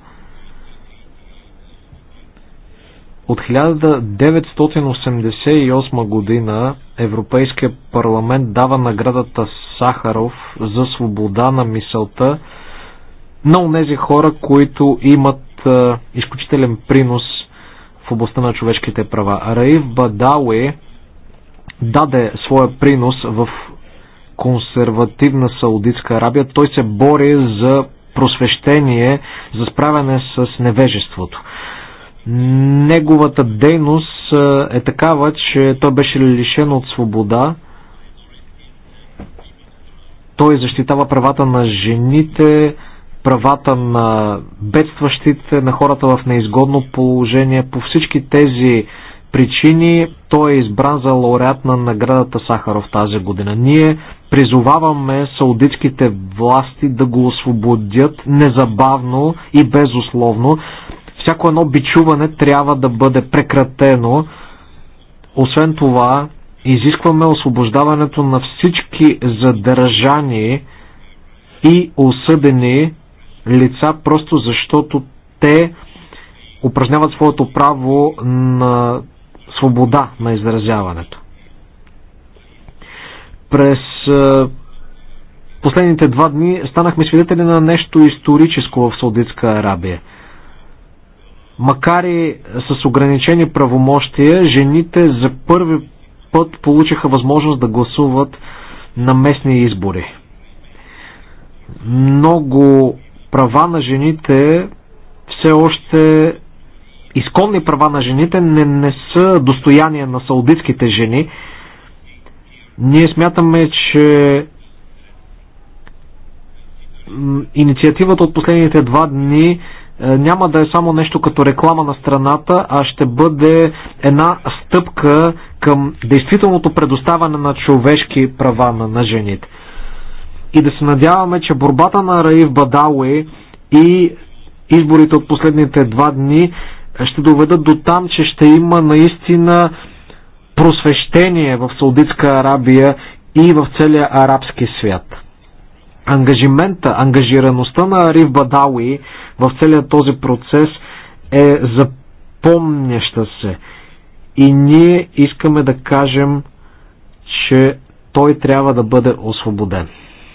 От 1988 година Европейския парламент дава наградата Сахаров за свобода на мисълта на онези хора, които имат а, е, изключителен принос в областта на човешките права. Раиф Бадауи даде своя принос в консервативна Саудитска Арабия. Той се бори за просвещение, за справяне с невежеството. Неговата дейност е такава, че той беше лишен от свобода. Той защитава правата на жените, правата на бедстващите, на хората в неизгодно положение. По всички тези причини той е избран за лауреат на наградата Сахаров тази година. Ние призоваваме саудитските власти да го освободят незабавно и безусловно. Всяко едно бичуване трябва да бъде прекратено. Освен това, изискваме освобождаването на всички задържани и осъдени лица, просто защото те упражняват своето право на свобода на изразяването. През е, последните два дни станахме свидетели на нещо историческо в Саудитска Арабия – Макар и с ограничени правомощия, жените за първи път получиха възможност да гласуват на местни избори. Много права на жените все още изконни права на жените не, не са достояние на саудитските жени. Ние смятаме, че инициативата от последните два дни е, няма да е само нещо като реклама на страната, а ще бъде една стъпка към действителното предоставане на човешки права на, на жените. И да се надяваме, че борбата на Раив Бадауи и изборите от последните два дни ще доведат до там, че ще има наистина просвещение в Саудитска Арабия и в целия арабски свят. Ангажимента, ангажираността на Ариф Бадауи в целия този процес е запомняща се. И ние искаме да кажем, че той трябва да бъде освободен.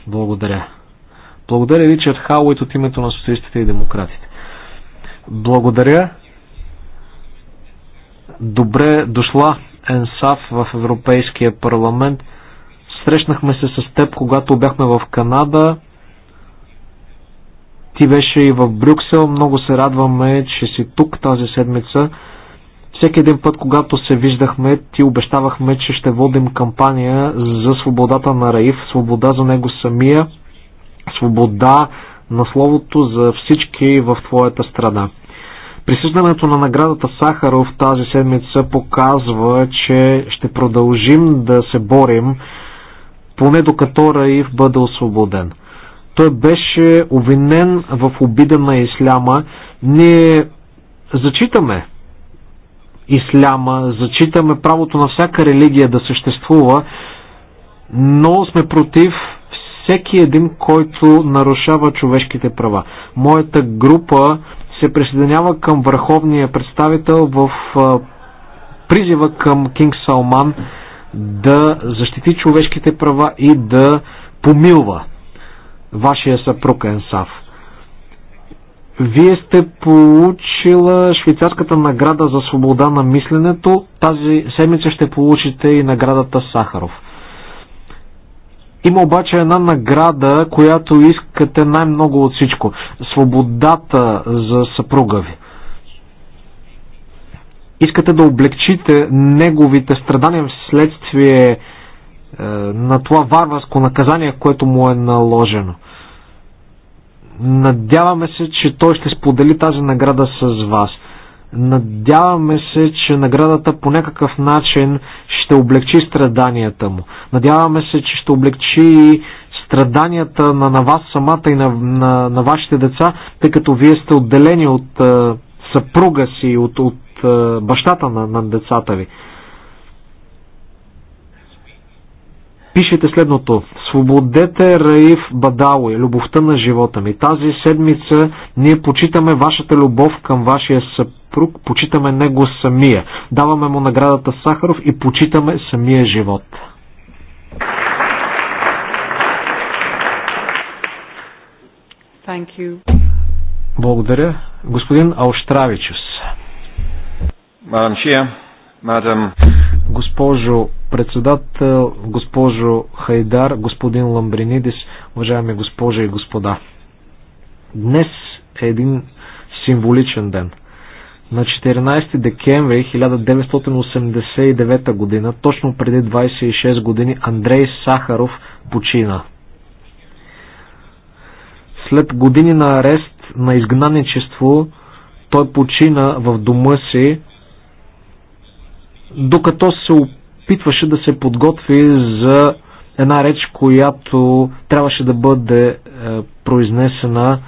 Благодаря. Благодаря Ричард Хауит от името на социалистите и демократите. Благодаря. Добре дошла Енсав в Европейския парламент. Срещнахме се с теб, когато бяхме в Канада. Ти беше и в Брюксел. Много се радваме, че си тук тази седмица. Всеки един път, когато се виждахме, ти обещавахме, че ще водим кампания за свободата на Раиф, свобода за него самия, свобода на словото за всички в твоята страна. Присъждането на наградата Сахаров тази седмица показва, че ще продължим да се борим, поне докато Раиф бъде освободен. Той беше обвинен в обида на исляма. Ние зачитаме исляма, зачитаме правото на всяка религия да съществува, но сме против всеки един, който нарушава човешките права. Моята група се присъединява към върховния представител в призива към Кинг Салман да защити човешките права и да помилва вашия съпруг Енсав. Вие сте получила швейцарската награда за свобода на мисленето. Тази седмица ще получите и наградата Сахаров. Има обаче една награда, която искате най-много от всичко. Свободата за съпруга ви. Искате да облегчите неговите страдания вследствие е, на това варварско наказание, което му е наложено. Надяваме се, че той ще сподели тази награда с вас. Надяваме се, че наградата по някакъв начин ще облегчи страданията му. Надяваме се, че ще облегчи страданията на, на вас самата и на, на, на вашите деца, тъй като вие сте отделени от а, е, съпруга си, от, от а, е, бащата на, на децата ви. пишете следното. Свободете Раиф Бадауи, любовта на живота ми. Тази седмица ние почитаме вашата любов към вашия съпруг, почитаме него самия. Даваме му наградата Сахаров и почитаме самия живот. Thank you. Благодаря. Господин Аустравичус. Мадам Шия, мадам... Госпожо председател, госпожо Хайдар, господин Ламбринидис, уважаеми госпожи и господа. Днес е един символичен ден. На 14 декември 1989 година, точно преди 26 години, Андрей Сахаров почина. След години на арест, на изгнаничество, той почина в дома си, докато се опитва опитваше да се подготви за една реч, която трябваше да бъде е, произнесена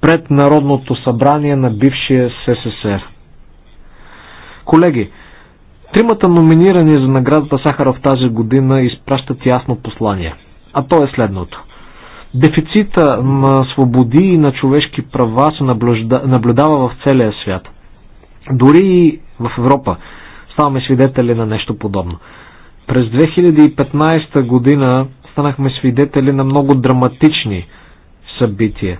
пред Народното събрание на бившия СССР. Колеги, тримата номинирани за наградата Сахаров тази година изпращат ясно послание. А то е следното. Дефицита на свободи и на човешки права се наблюдава в целия свят. Дори и в Европа ставаме свидетели на нещо подобно. През 2015 година станахме свидетели на много драматични събития.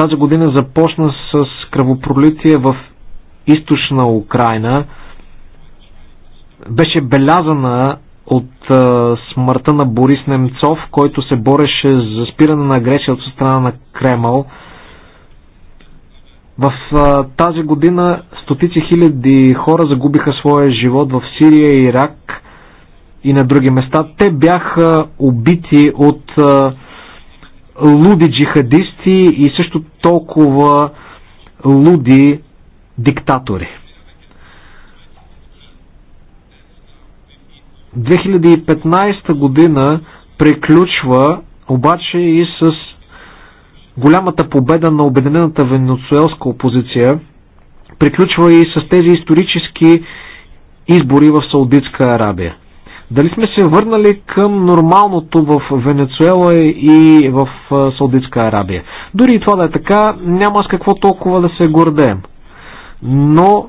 Тази година започна с кръвопролитие в източна Украина. Беше белязана от а, смъртта на Борис Немцов, който се бореше за спиране на агресия от страна на Кремъл. В тази година стотици хиляди хора загубиха своя живот в Сирия и Ирак и на други места. Те бяха убити от луди джихадисти и също толкова луди диктатори. 2015 година приключва обаче и с голямата победа на обединената венецуелска опозиция приключва и с тези исторически избори в Саудитска Арабия. Дали сме се върнали към нормалното в Венецуела и в Саудитска Арабия? Дори и това да е така, няма с какво толкова да се гордеем. Но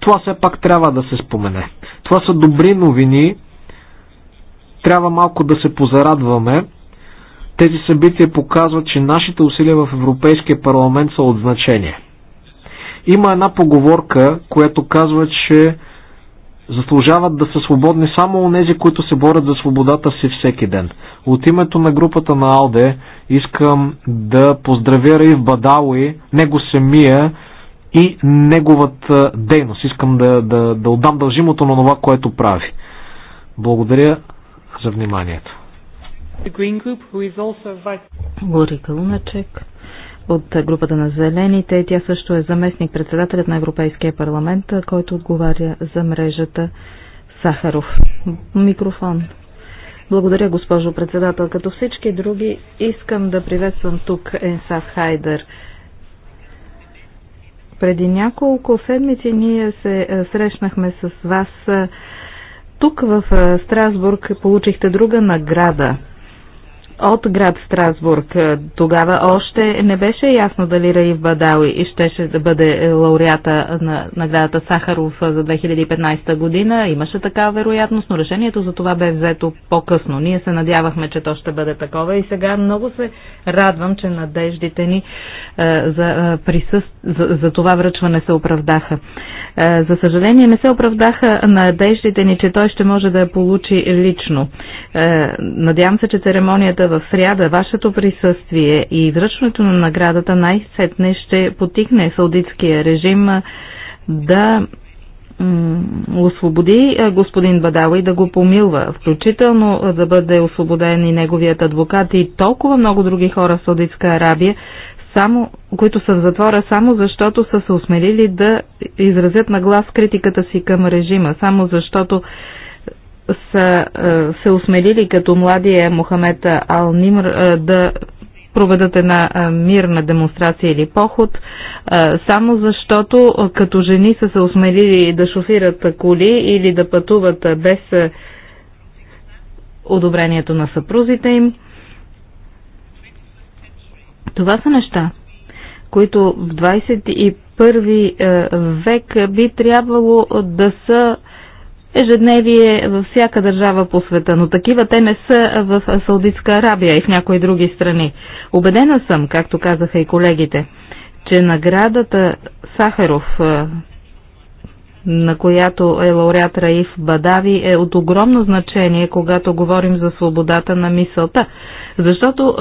това все пак трябва да се спомене. Това са добри новини. Трябва малко да се позарадваме. Тези събития показват, че нашите усилия в Европейския парламент са от значение. Има една поговорка, която казва, че заслужават да са свободни само онези, които се борят за свободата си всеки ден. От името на групата на Алде искам да поздравя Раив Бадауи, него самия и неговата дейност. Искам да, да, да отдам дължимото на това, което прави. Благодаря за вниманието. Лори Калуначек, от групата на Зелените. Тя също е заместник председателят на Европейския парламент, който отговаря за мрежата Сахаров. Микрофон. Благодаря, госпожо председател. Като всички други, искам да приветствам тук Енсаф Хайдер. Преди няколко седмици ние се е, срещнахме с вас тук в е, Страсбург. Получихте друга награда от град Страсбург. Тогава още не беше ясно дали Раив Бадауи щеше да бъде лауреата на наградата Сахаров за 2015 година. Имаше такава вероятност, но решението за това бе взето по-късно. Ние се надявахме, че то ще бъде такова и сега много се радвам, че надеждите ни е, за, е, присъст... за, за това връчване се оправдаха. Е, за съжаление не се оправдаха надеждите ни, че той ще може да я получи лично. Надявам се, че церемонията в сряда вашето присъствие и връчването на наградата най-сетне ще потикне саудитския режим да освободи господин Бадава и да го помилва, включително да бъде освободен и неговият адвокат и толкова много други хора в Саудитска Арабия, само, които са в затвора само защото са се осмелили да изразят на глас критиката си към режима, само защото са е, се осмелили като младия Мохамед Ал-Нимр е, да проведат една е, мирна демонстрация или поход, само защото като жени са се осмелили да шофират коли или да пътуват без одобрението на съпрузите им. Това са неща, които в 21 век би трябвало да са ежедневие във всяка държава по света, но такива те не са в Саудитска Арабия и в някои други страни. Обедена съм, както казаха и колегите, че наградата Сахаров, на която е лауреат Раиф Бадави, е от огромно значение, когато говорим за свободата на мисълта. Защото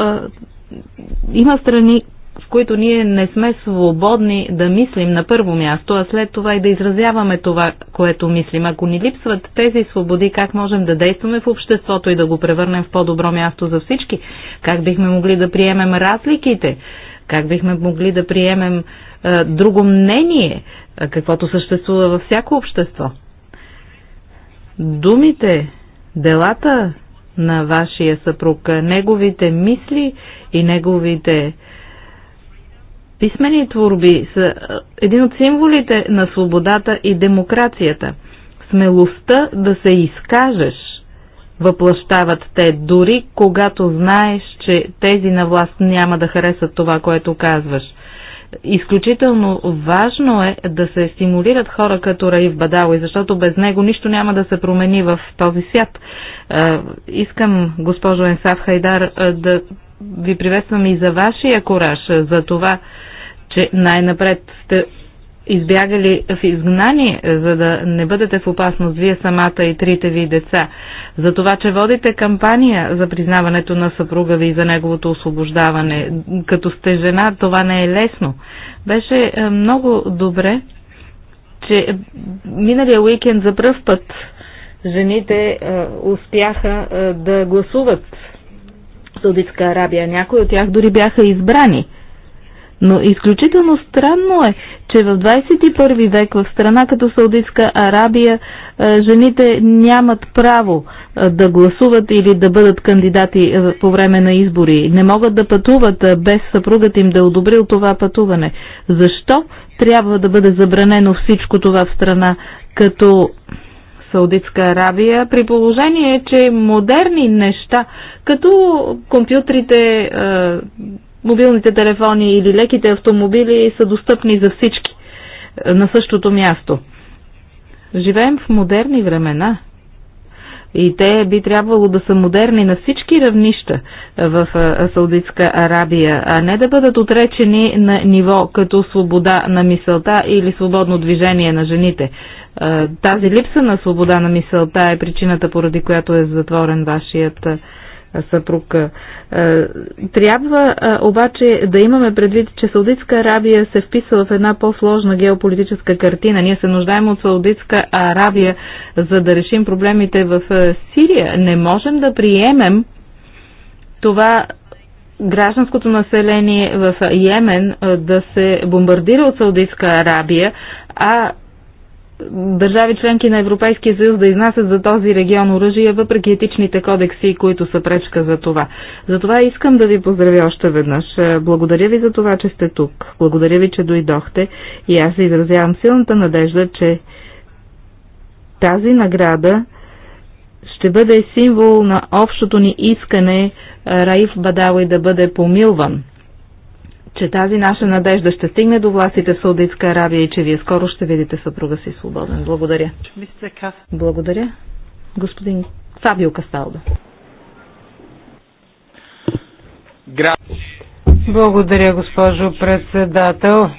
има страни, в които ние не сме свободни да мислим на първо място, а след това и да изразяваме това, което мислим. Ако ни липсват тези свободи, как можем да действаме в обществото и да го превърнем в по-добро място за всички? Как бихме могли да приемем разликите? Как бихме могли да приемем а, е, друго мнение, а, е, каквото съществува във всяко общество? Думите, делата на вашия съпруг, неговите мисли и неговите Писмени творби са е, един от символите на свободата и демокрацията. Смелостта да се изкажеш въплащават те, дори когато знаеш, че тези на власт няма да харесат това, което казваш. Изключително важно е да се стимулират хора като Раив Бадауи, защото без него нищо няма да се промени в този свят. Е, искам, госпожо Енсав Хайдар, е, да ви приветствам и за вашия кораж, за това, че най-напред сте избягали в изгнание, за да не бъдете в опасност вие самата и трите ви деца, за това, че водите кампания за признаването на съпруга ви и за неговото освобождаване. Като сте жена, това не е лесно. Беше е, много добре, че миналия уикенд за пръв път жените е, успяха е, да гласуват Саудитска Арабия. Някои от тях дори бяха избрани. Но изключително странно е, че в 21 век в страна като Саудитска Арабия е, жените нямат право е, да гласуват или да бъдат кандидати е, по време на избори. Не могат да пътуват без съпругът им да е одобрил това пътуване. Защо трябва да бъде забранено всичко това в страна като Саудитска Арабия, при положение, че модерни неща, като компютрите, мобилните телефони или леките автомобили са достъпни за всички е, на същото място. Живеем в модерни времена и те би трябвало да са модерни на всички равнища в е, Саудитска Арабия, а не да бъдат отречени на ниво като свобода на мисълта или свободно движение на жените. Е, тази липса на свобода на мисълта е причината, поради която е затворен вашият съпруг. Е, трябва е, обаче да имаме предвид, че Саудитска Арабия се вписва в една по-сложна геополитическа картина. Ние се нуждаем от Саудитска Арабия, за да решим проблемите в е, Сирия. Не можем да приемем това гражданското население в Йемен да се бомбардира от Саудитска Арабия, а държави членки на Европейския съюз да изнасят за този регион оръжия, въпреки етичните кодекси, които са пречка за това. Затова искам да ви поздравя още веднъж. Е, благодаря ви за това, че сте тук. Благодаря ви, че дойдохте и аз изразявам силната надежда, че тази награда ще бъде символ на общото ни искане е, Раиф Бадауи да бъде помилван че тази наша надежда ще стигне до властите в Саудитска Арабия и че вие скоро ще видите съпруга си свободен. Благодаря. Благодаря. Господин Фабио Касталдо. Благодаря, госпожо председател.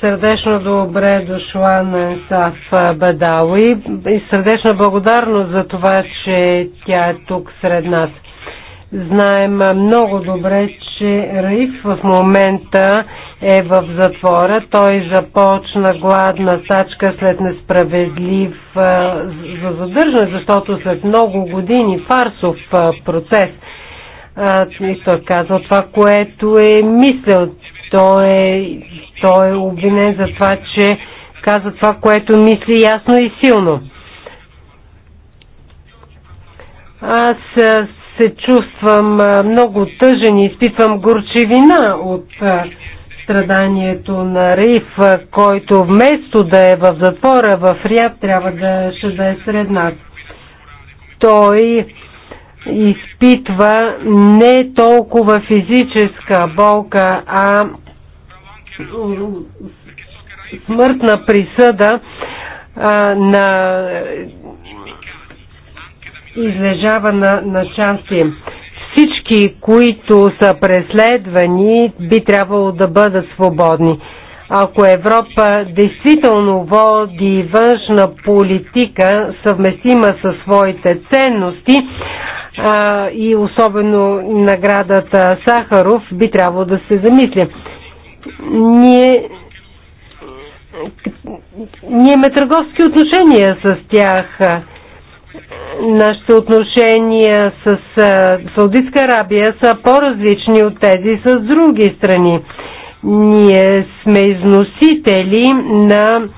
Сърдечно добре дошла на Саф Бадауи и сърдечна благодарност за това, че тя е тук сред нас. Знаем много добре, че Раиф в момента е в затвора. Той започна гладна сачка след несправедлив за задържане, защото след много години фарсов процес и той казва това, което е мислил. Той е, той е обвинен за това, че каза това, което мисли ясно и силно. Аз се чувствам много тъжен и изпитвам горчевина от страданието на Риф, който вместо да е в затвора в Ряд, трябва да, ще да е сред нас. Той изпитва не толкова физическа болка, а смъртна присъда а, на излежавана на части. Всички, които са преследвани, би трябвало да бъдат свободни. Ако Европа действително води външна политика, съвместима със своите ценности, а, и особено наградата Сахаров, би трябвало да се замисли. Ние ние имаме търговски отношения с тях нашите отношения с Саудитска Арабия са по-различни от тези с други страни. Ние сме износители на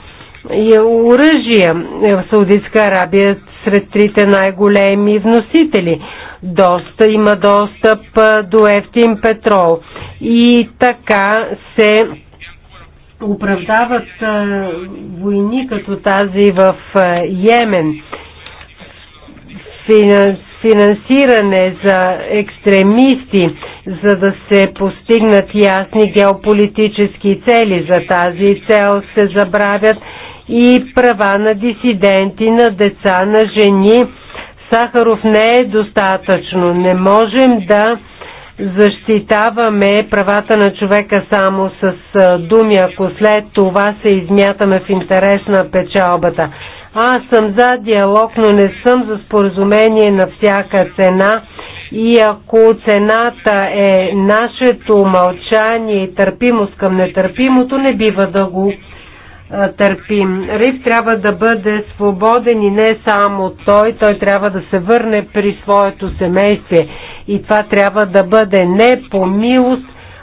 е, оръжия в Саудитска Арабия е сред трите най-големи вносители. Доста има достъп до ефтин петрол. И така се оправдават войни като тази в Йемен финансиране за екстремисти, за да се постигнат ясни геополитически цели. За тази цел се забравят и права на дисиденти, на деца, на жени. Сахаров не е достатъчно. Не можем да защитаваме правата на човека само с думи, ако след това се измятаме в интерес на печалбата. Аз съм за диалог, но не съм за споразумение на всяка цена. И ако цената е нашето мълчание и търпимост към нетърпимото, не бива да го търпим. Рив трябва да бъде свободен и не само той, той трябва да се върне при своето семейство. И това трябва да бъде не по милост,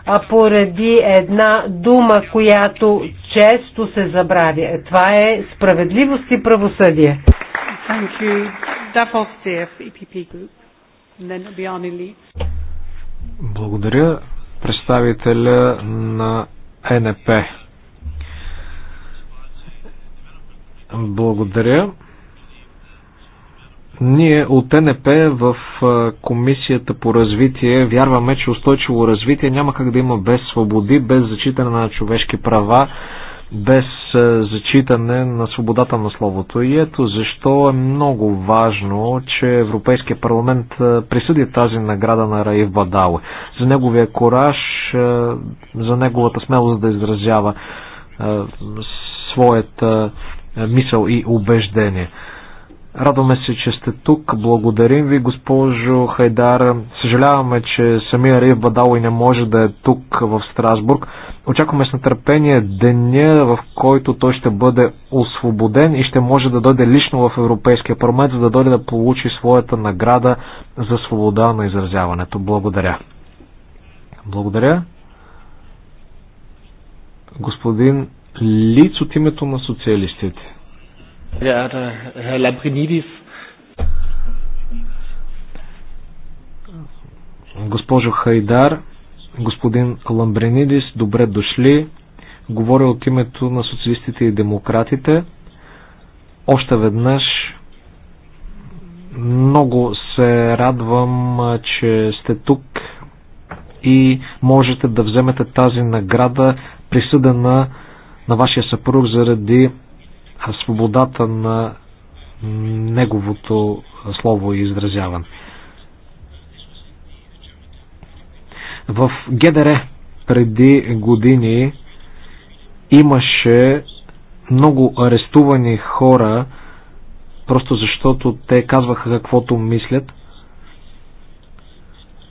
а поради една дума, която често се забравя. Е, това е справедливост и правосъдие. E Благодаря представителя на НП. Благодаря. Ние от НП в Комисията по развитие вярваме, че устойчиво развитие няма как да има без свободи, без зачитане на човешки права, без зачитане на свободата на словото. И ето защо е много важно, че Европейския парламент присъди тази награда на Раив Бадауе. За неговия кораж, за неговата смелост да изразява своята мисъл и убеждение. Радваме се, че сте тук. Благодарим ви, госпожо Хайдар. Съжаляваме, че самия Рив и не може да е тук в Страсбург. Очакваме с нетърпение деня, в който той ще бъде освободен и ще може да дойде лично в Европейския парламент, за да дойде да получи своята награда за свобода на изразяването. Благодаря. Благодаря. Господин Лиц от името на социалистите. Herr Lambrinidis. Госпожо Хайдар, господин Ламбренидис, добре дошли. Говоря от името на социалистите и демократите. Още веднъж много се радвам, че сте тук и можете да вземете тази награда, присъдена на вашия съпруг заради свободата на неговото слово и изразяване. В ГДР преди години имаше много арестувани хора, просто защото те казваха каквото мислят.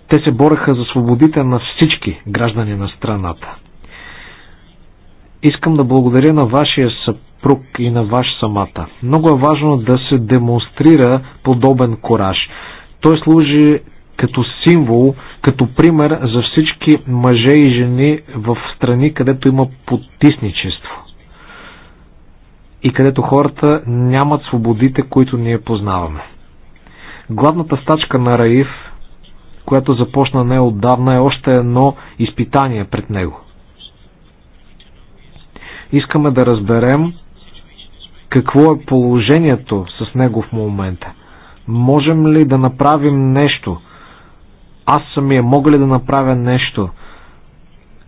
Те се бореха за свободите на всички граждани на страната. Искам да благодаря на вашия съпруг и на ваш самата. Много е важно да се демонстрира подобен кораж. Той служи като символ, като пример за всички мъже и жени в страни, където има потисничество и където хората нямат свободите, които ние познаваме. Главната стачка на Раиф, която започна неотдавна, е още едно изпитание пред него. Искаме да разберем какво е положението с него в момента. Можем ли да направим нещо? Аз самия мога ли да направя нещо,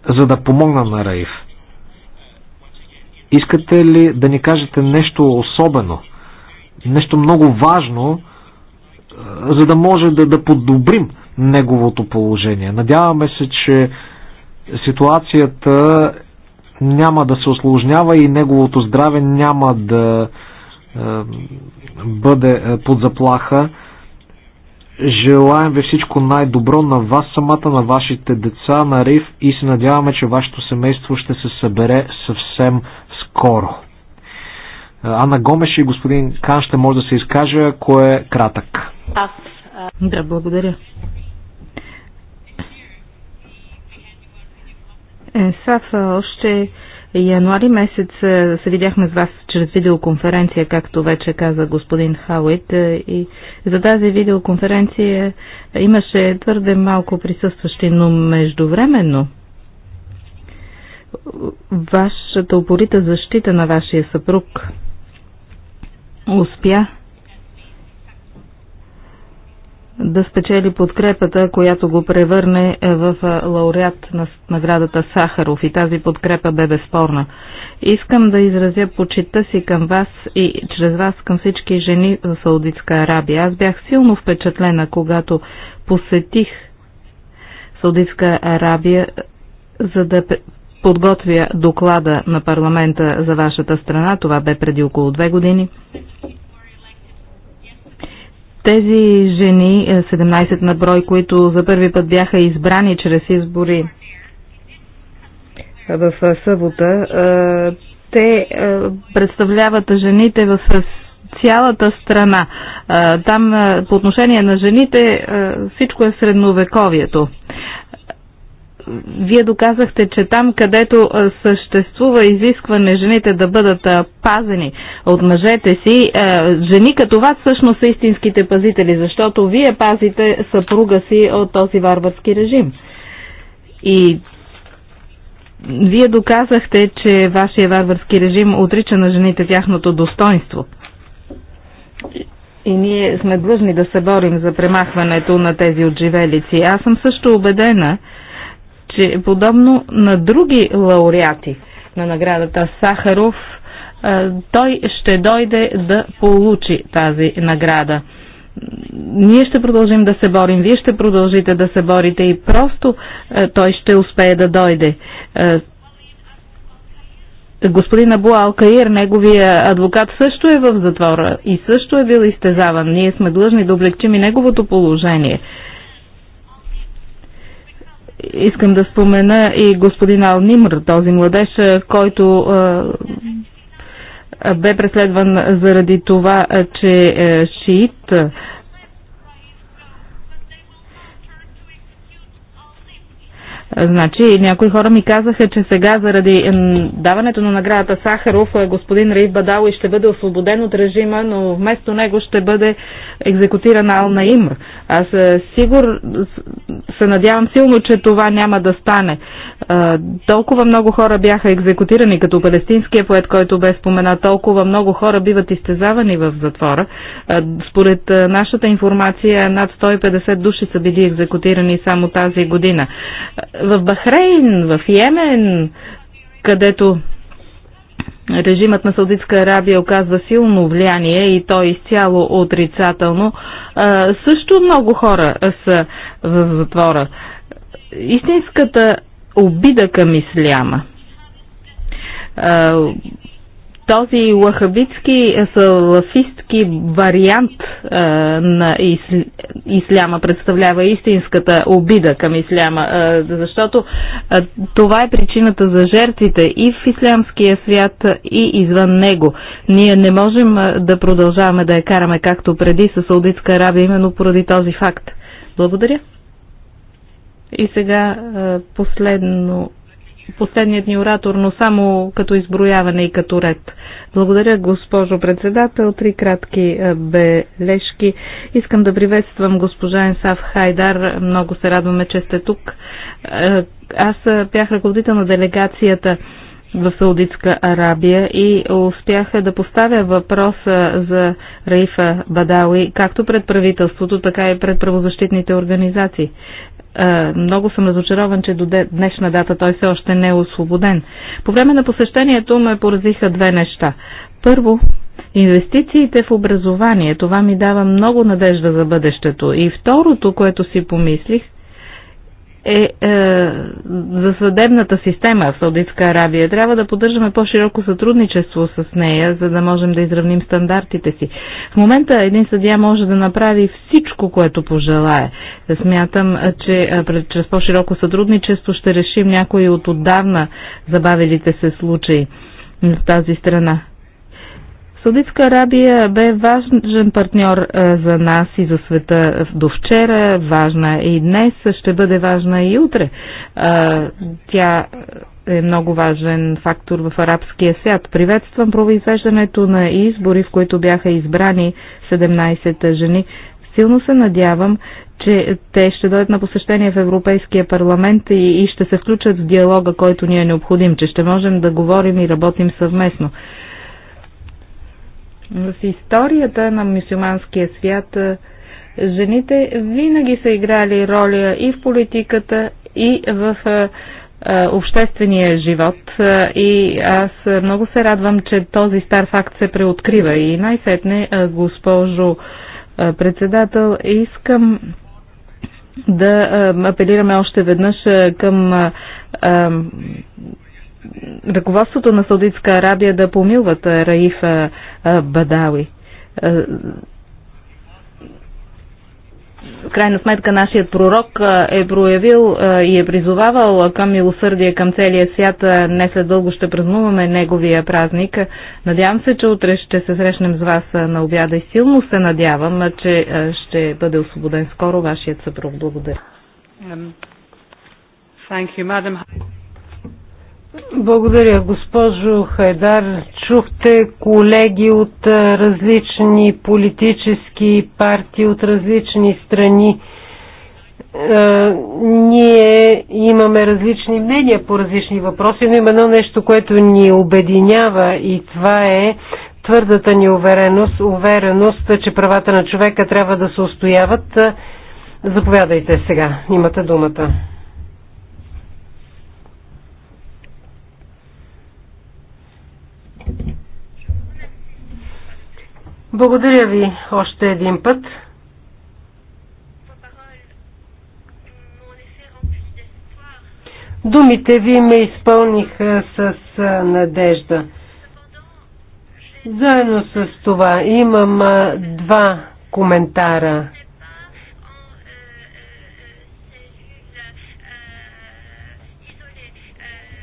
за да помогна на Раив? Искате ли да ни кажете нещо особено? Нещо много важно, е, за да може да, да подобрим неговото положение. Надяваме се, че ситуацията няма да се осложнява и неговото здраве няма да е, бъде е, под заплаха. Желаем ви всичко най-добро на вас самата, на вашите деца, на Рив и се надяваме, че вашето семейство ще се събере съвсем скоро. Ана Гомеш и господин Кан ще може да се изкаже, ако е кратък. Аз. Да, благодаря. Е, Сав, е, още януари месец е, се видяхме с вас чрез видеоконференция, както вече каза господин Хауит. И за тази видеоконференция имаше твърде малко присъстващи, но междувременно вашата упорита защита на вашия съпруг успя да спечели подкрепата, която го превърне е, в е, лауреат на наградата Сахаров и тази подкрепа бе безспорна. Искам да изразя почита си към вас и чрез вас към всички жени в Саудитска Арабия. Аз бях силно впечатлена, когато посетих Саудитска Арабия, е, за да подготвя доклада на парламента за вашата страна. Това бе преди около две години тези жени, 17 е, на брой, които за първи път бяха избрани чрез избори е, в е, събота, те представляват жените в цялата страна. Там по отношение на жените всичко е средновековието вие доказахте, че там, където съществува изискване жените да бъдат пазени от мъжете си, жени като вас всъщност са истинските пазители, защото вие пазите съпруга си от този варварски режим. И вие доказахте, че вашия варварски режим отрича на жените тяхното достоинство. И ние сме длъжни да се борим за премахването на тези отживелици. Аз съм също убедена, че подобно на други лауреати на наградата Сахаров, той ще дойде да получи тази награда. Ние ще продължим да се борим, вие ще продължите да се борите и просто той ще успее да дойде. Господин Абу Алкаир, неговия адвокат също е в затвора и също е бил изтезаван. Ние сме длъжни да облегчим и неговото положение. Искам да спомена и господин Ал Нимр, този младеж, който бе преследван заради това, че е шиит Значи, някои хора ми казаха, че сега заради даването на наградата Сахаров, е, господин Раиф Бадауи ще бъде освободен от режима, но вместо него ще бъде екзекутиран Ал Наимр. Аз е, сигур се надявам силно, че това няма да стане. Е, толкова много хора бяха екзекутирани, като палестинския поет, който бе спомена, толкова много хора биват изтезавани в затвора. Според нашата информация, над 150 души са били екзекутирани само тази година в Бахрейн, в Йемен, където режимът на Саудитска Арабия оказва силно влияние и то изцяло отрицателно, също много хора са в затвора. Истинската обида към исляма този лахабитски е, салафистски вариант а, е, на из, исляма представлява истинската обида към исляма, а, е, защото а, това е причината за жертвите и в ислямския свят, и извън него. Ние не можем да продължаваме да я караме както преди с Саудитска Арабия, именно поради този факт. Благодаря. И сега последно последният ни оратор, но само като изброяване и като ред. Благодаря, госпожо председател. Три кратки бележки. Искам да приветствам госпожа Енсав Хайдар. Много се радваме, че сте тук. Аз бях ръководител на делегацията в Саудитска Арабия и успяха да поставя въпроса за Раифа Бадауи както пред правителството, така и пред правозащитните организации. Е, много съм разочарован, че до днешна дата той все още не е освободен. По време на посещението ме поразиха две неща. Първо, инвестициите в образование. Това ми дава много надежда за бъдещето. И второто, което си помислих, е, е за съдебната система в Саудитска Аравия. Трябва да поддържаме по-широко сътрудничество с нея, за да можем да изравним стандартите си. В момента един съдия може да направи всичко, което пожелае. Смятам, че пред чрез по-широко сътрудничество ще решим някои от отдавна забавилите се случаи в тази страна. Саудитска Арабия бе важен партньор е, за нас и за света до вчера, важна е и днес, ще бъде важна и утре. Е, тя е много важен фактор в арабския свят. Приветствам произвеждането на избори, в които бяха избрани 17 жени. Силно се надявам, че те ще дойдат на посещение в Европейския парламент и, и ще се включат в диалога, който ни е необходим, че ще можем да говорим и работим съвместно. В историята на мусулманския свят жените винаги са играли роля и в политиката, и в обществения живот и аз много се радвам, че този стар факт се преоткрива и най-сетне, госпожо председател, искам да апелираме още веднъж към ръководството на Саудитска Арабия да помилват Раифа Бадави. В крайна сметка нашият пророк е проявил и е призовавал към милосърдие към целия свят. Не след дълго ще празнуваме неговия празник. Надявам се, че утре ще се срещнем с вас на обяда и силно се надявам, че ще бъде освободен скоро вашият съпруг. Благодаря. Thank you, madam. Благодаря, госпожо Хайдар. Чухте колеги от различни политически партии, от различни страни. ние имаме различни мнения по различни въпроси, но има едно нещо, което ни обединява и това е твърдата ни увереност, увереност, че правата на човека трябва да се устояват. Заповядайте сега, имате думата. Благодаря ви още един път. Думите ви ме изпълниха с надежда. Заедно с това имам два коментара.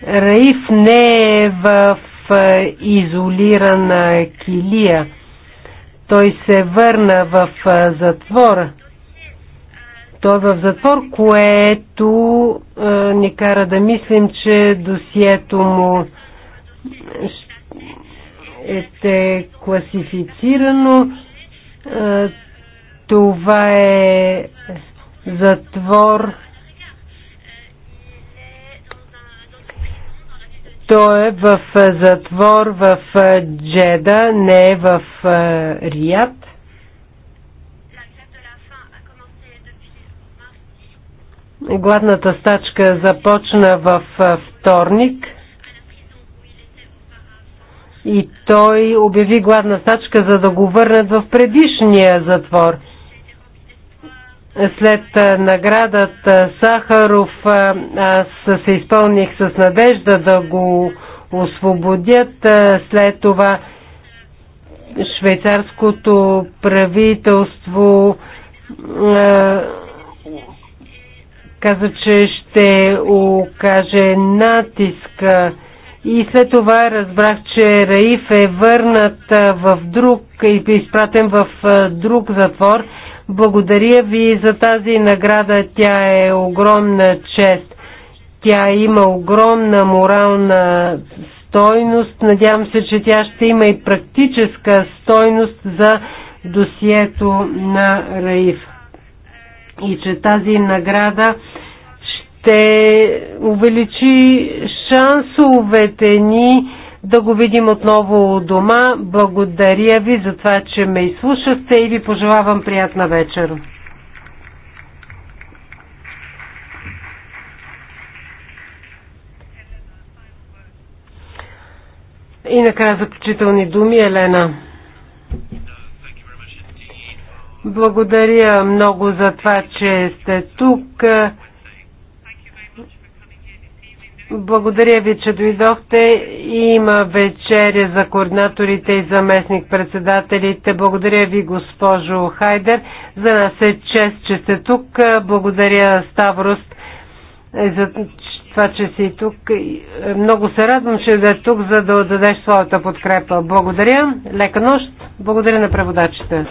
Раиф не е в е, изолирана килия. Той се върна в е, затвор. Той е в затвор, което е, ни кара да мислим, че досието му е класифицирано. Е, това е затвор, Той е в е, затвор в е, Джеда, не е в Рият. Гладната стачка започна в вторник и той обяви гладна стачка, за да го върнат в предишния затвор – след наградата Сахаров аз се изпълних с надежда да го освободят. След това швейцарското правителство каза, че ще окаже натиск. И след това разбрах, че Раиф е върнат в друг и изпратен в друг затвор. Благодаря ви за тази награда. Тя е огромна чест. Тя има огромна морална стойност. Надявам се, че тя ще има и практическа стойност за досието на Раиф. И че тази награда ще увеличи шансовете ни да го видим отново у дома. Благодаря ви за това, че ме изслушахте и ви пожелавам приятна вечер. И накрая заключителни думи, Елена. Благодаря много за това, че сте тук. Благодаря ви, че дойдохте. Има вечеря за координаторите и заместник-председателите. Благодаря ви, госпожо Хайдер. За нас е чест, че сте тук. Благодаря, Ставрост, за това, че си тук. Много се радвам, че да е тук, за да дадеш своята подкрепа. Благодаря. Лека нощ. Благодаря на преводачите.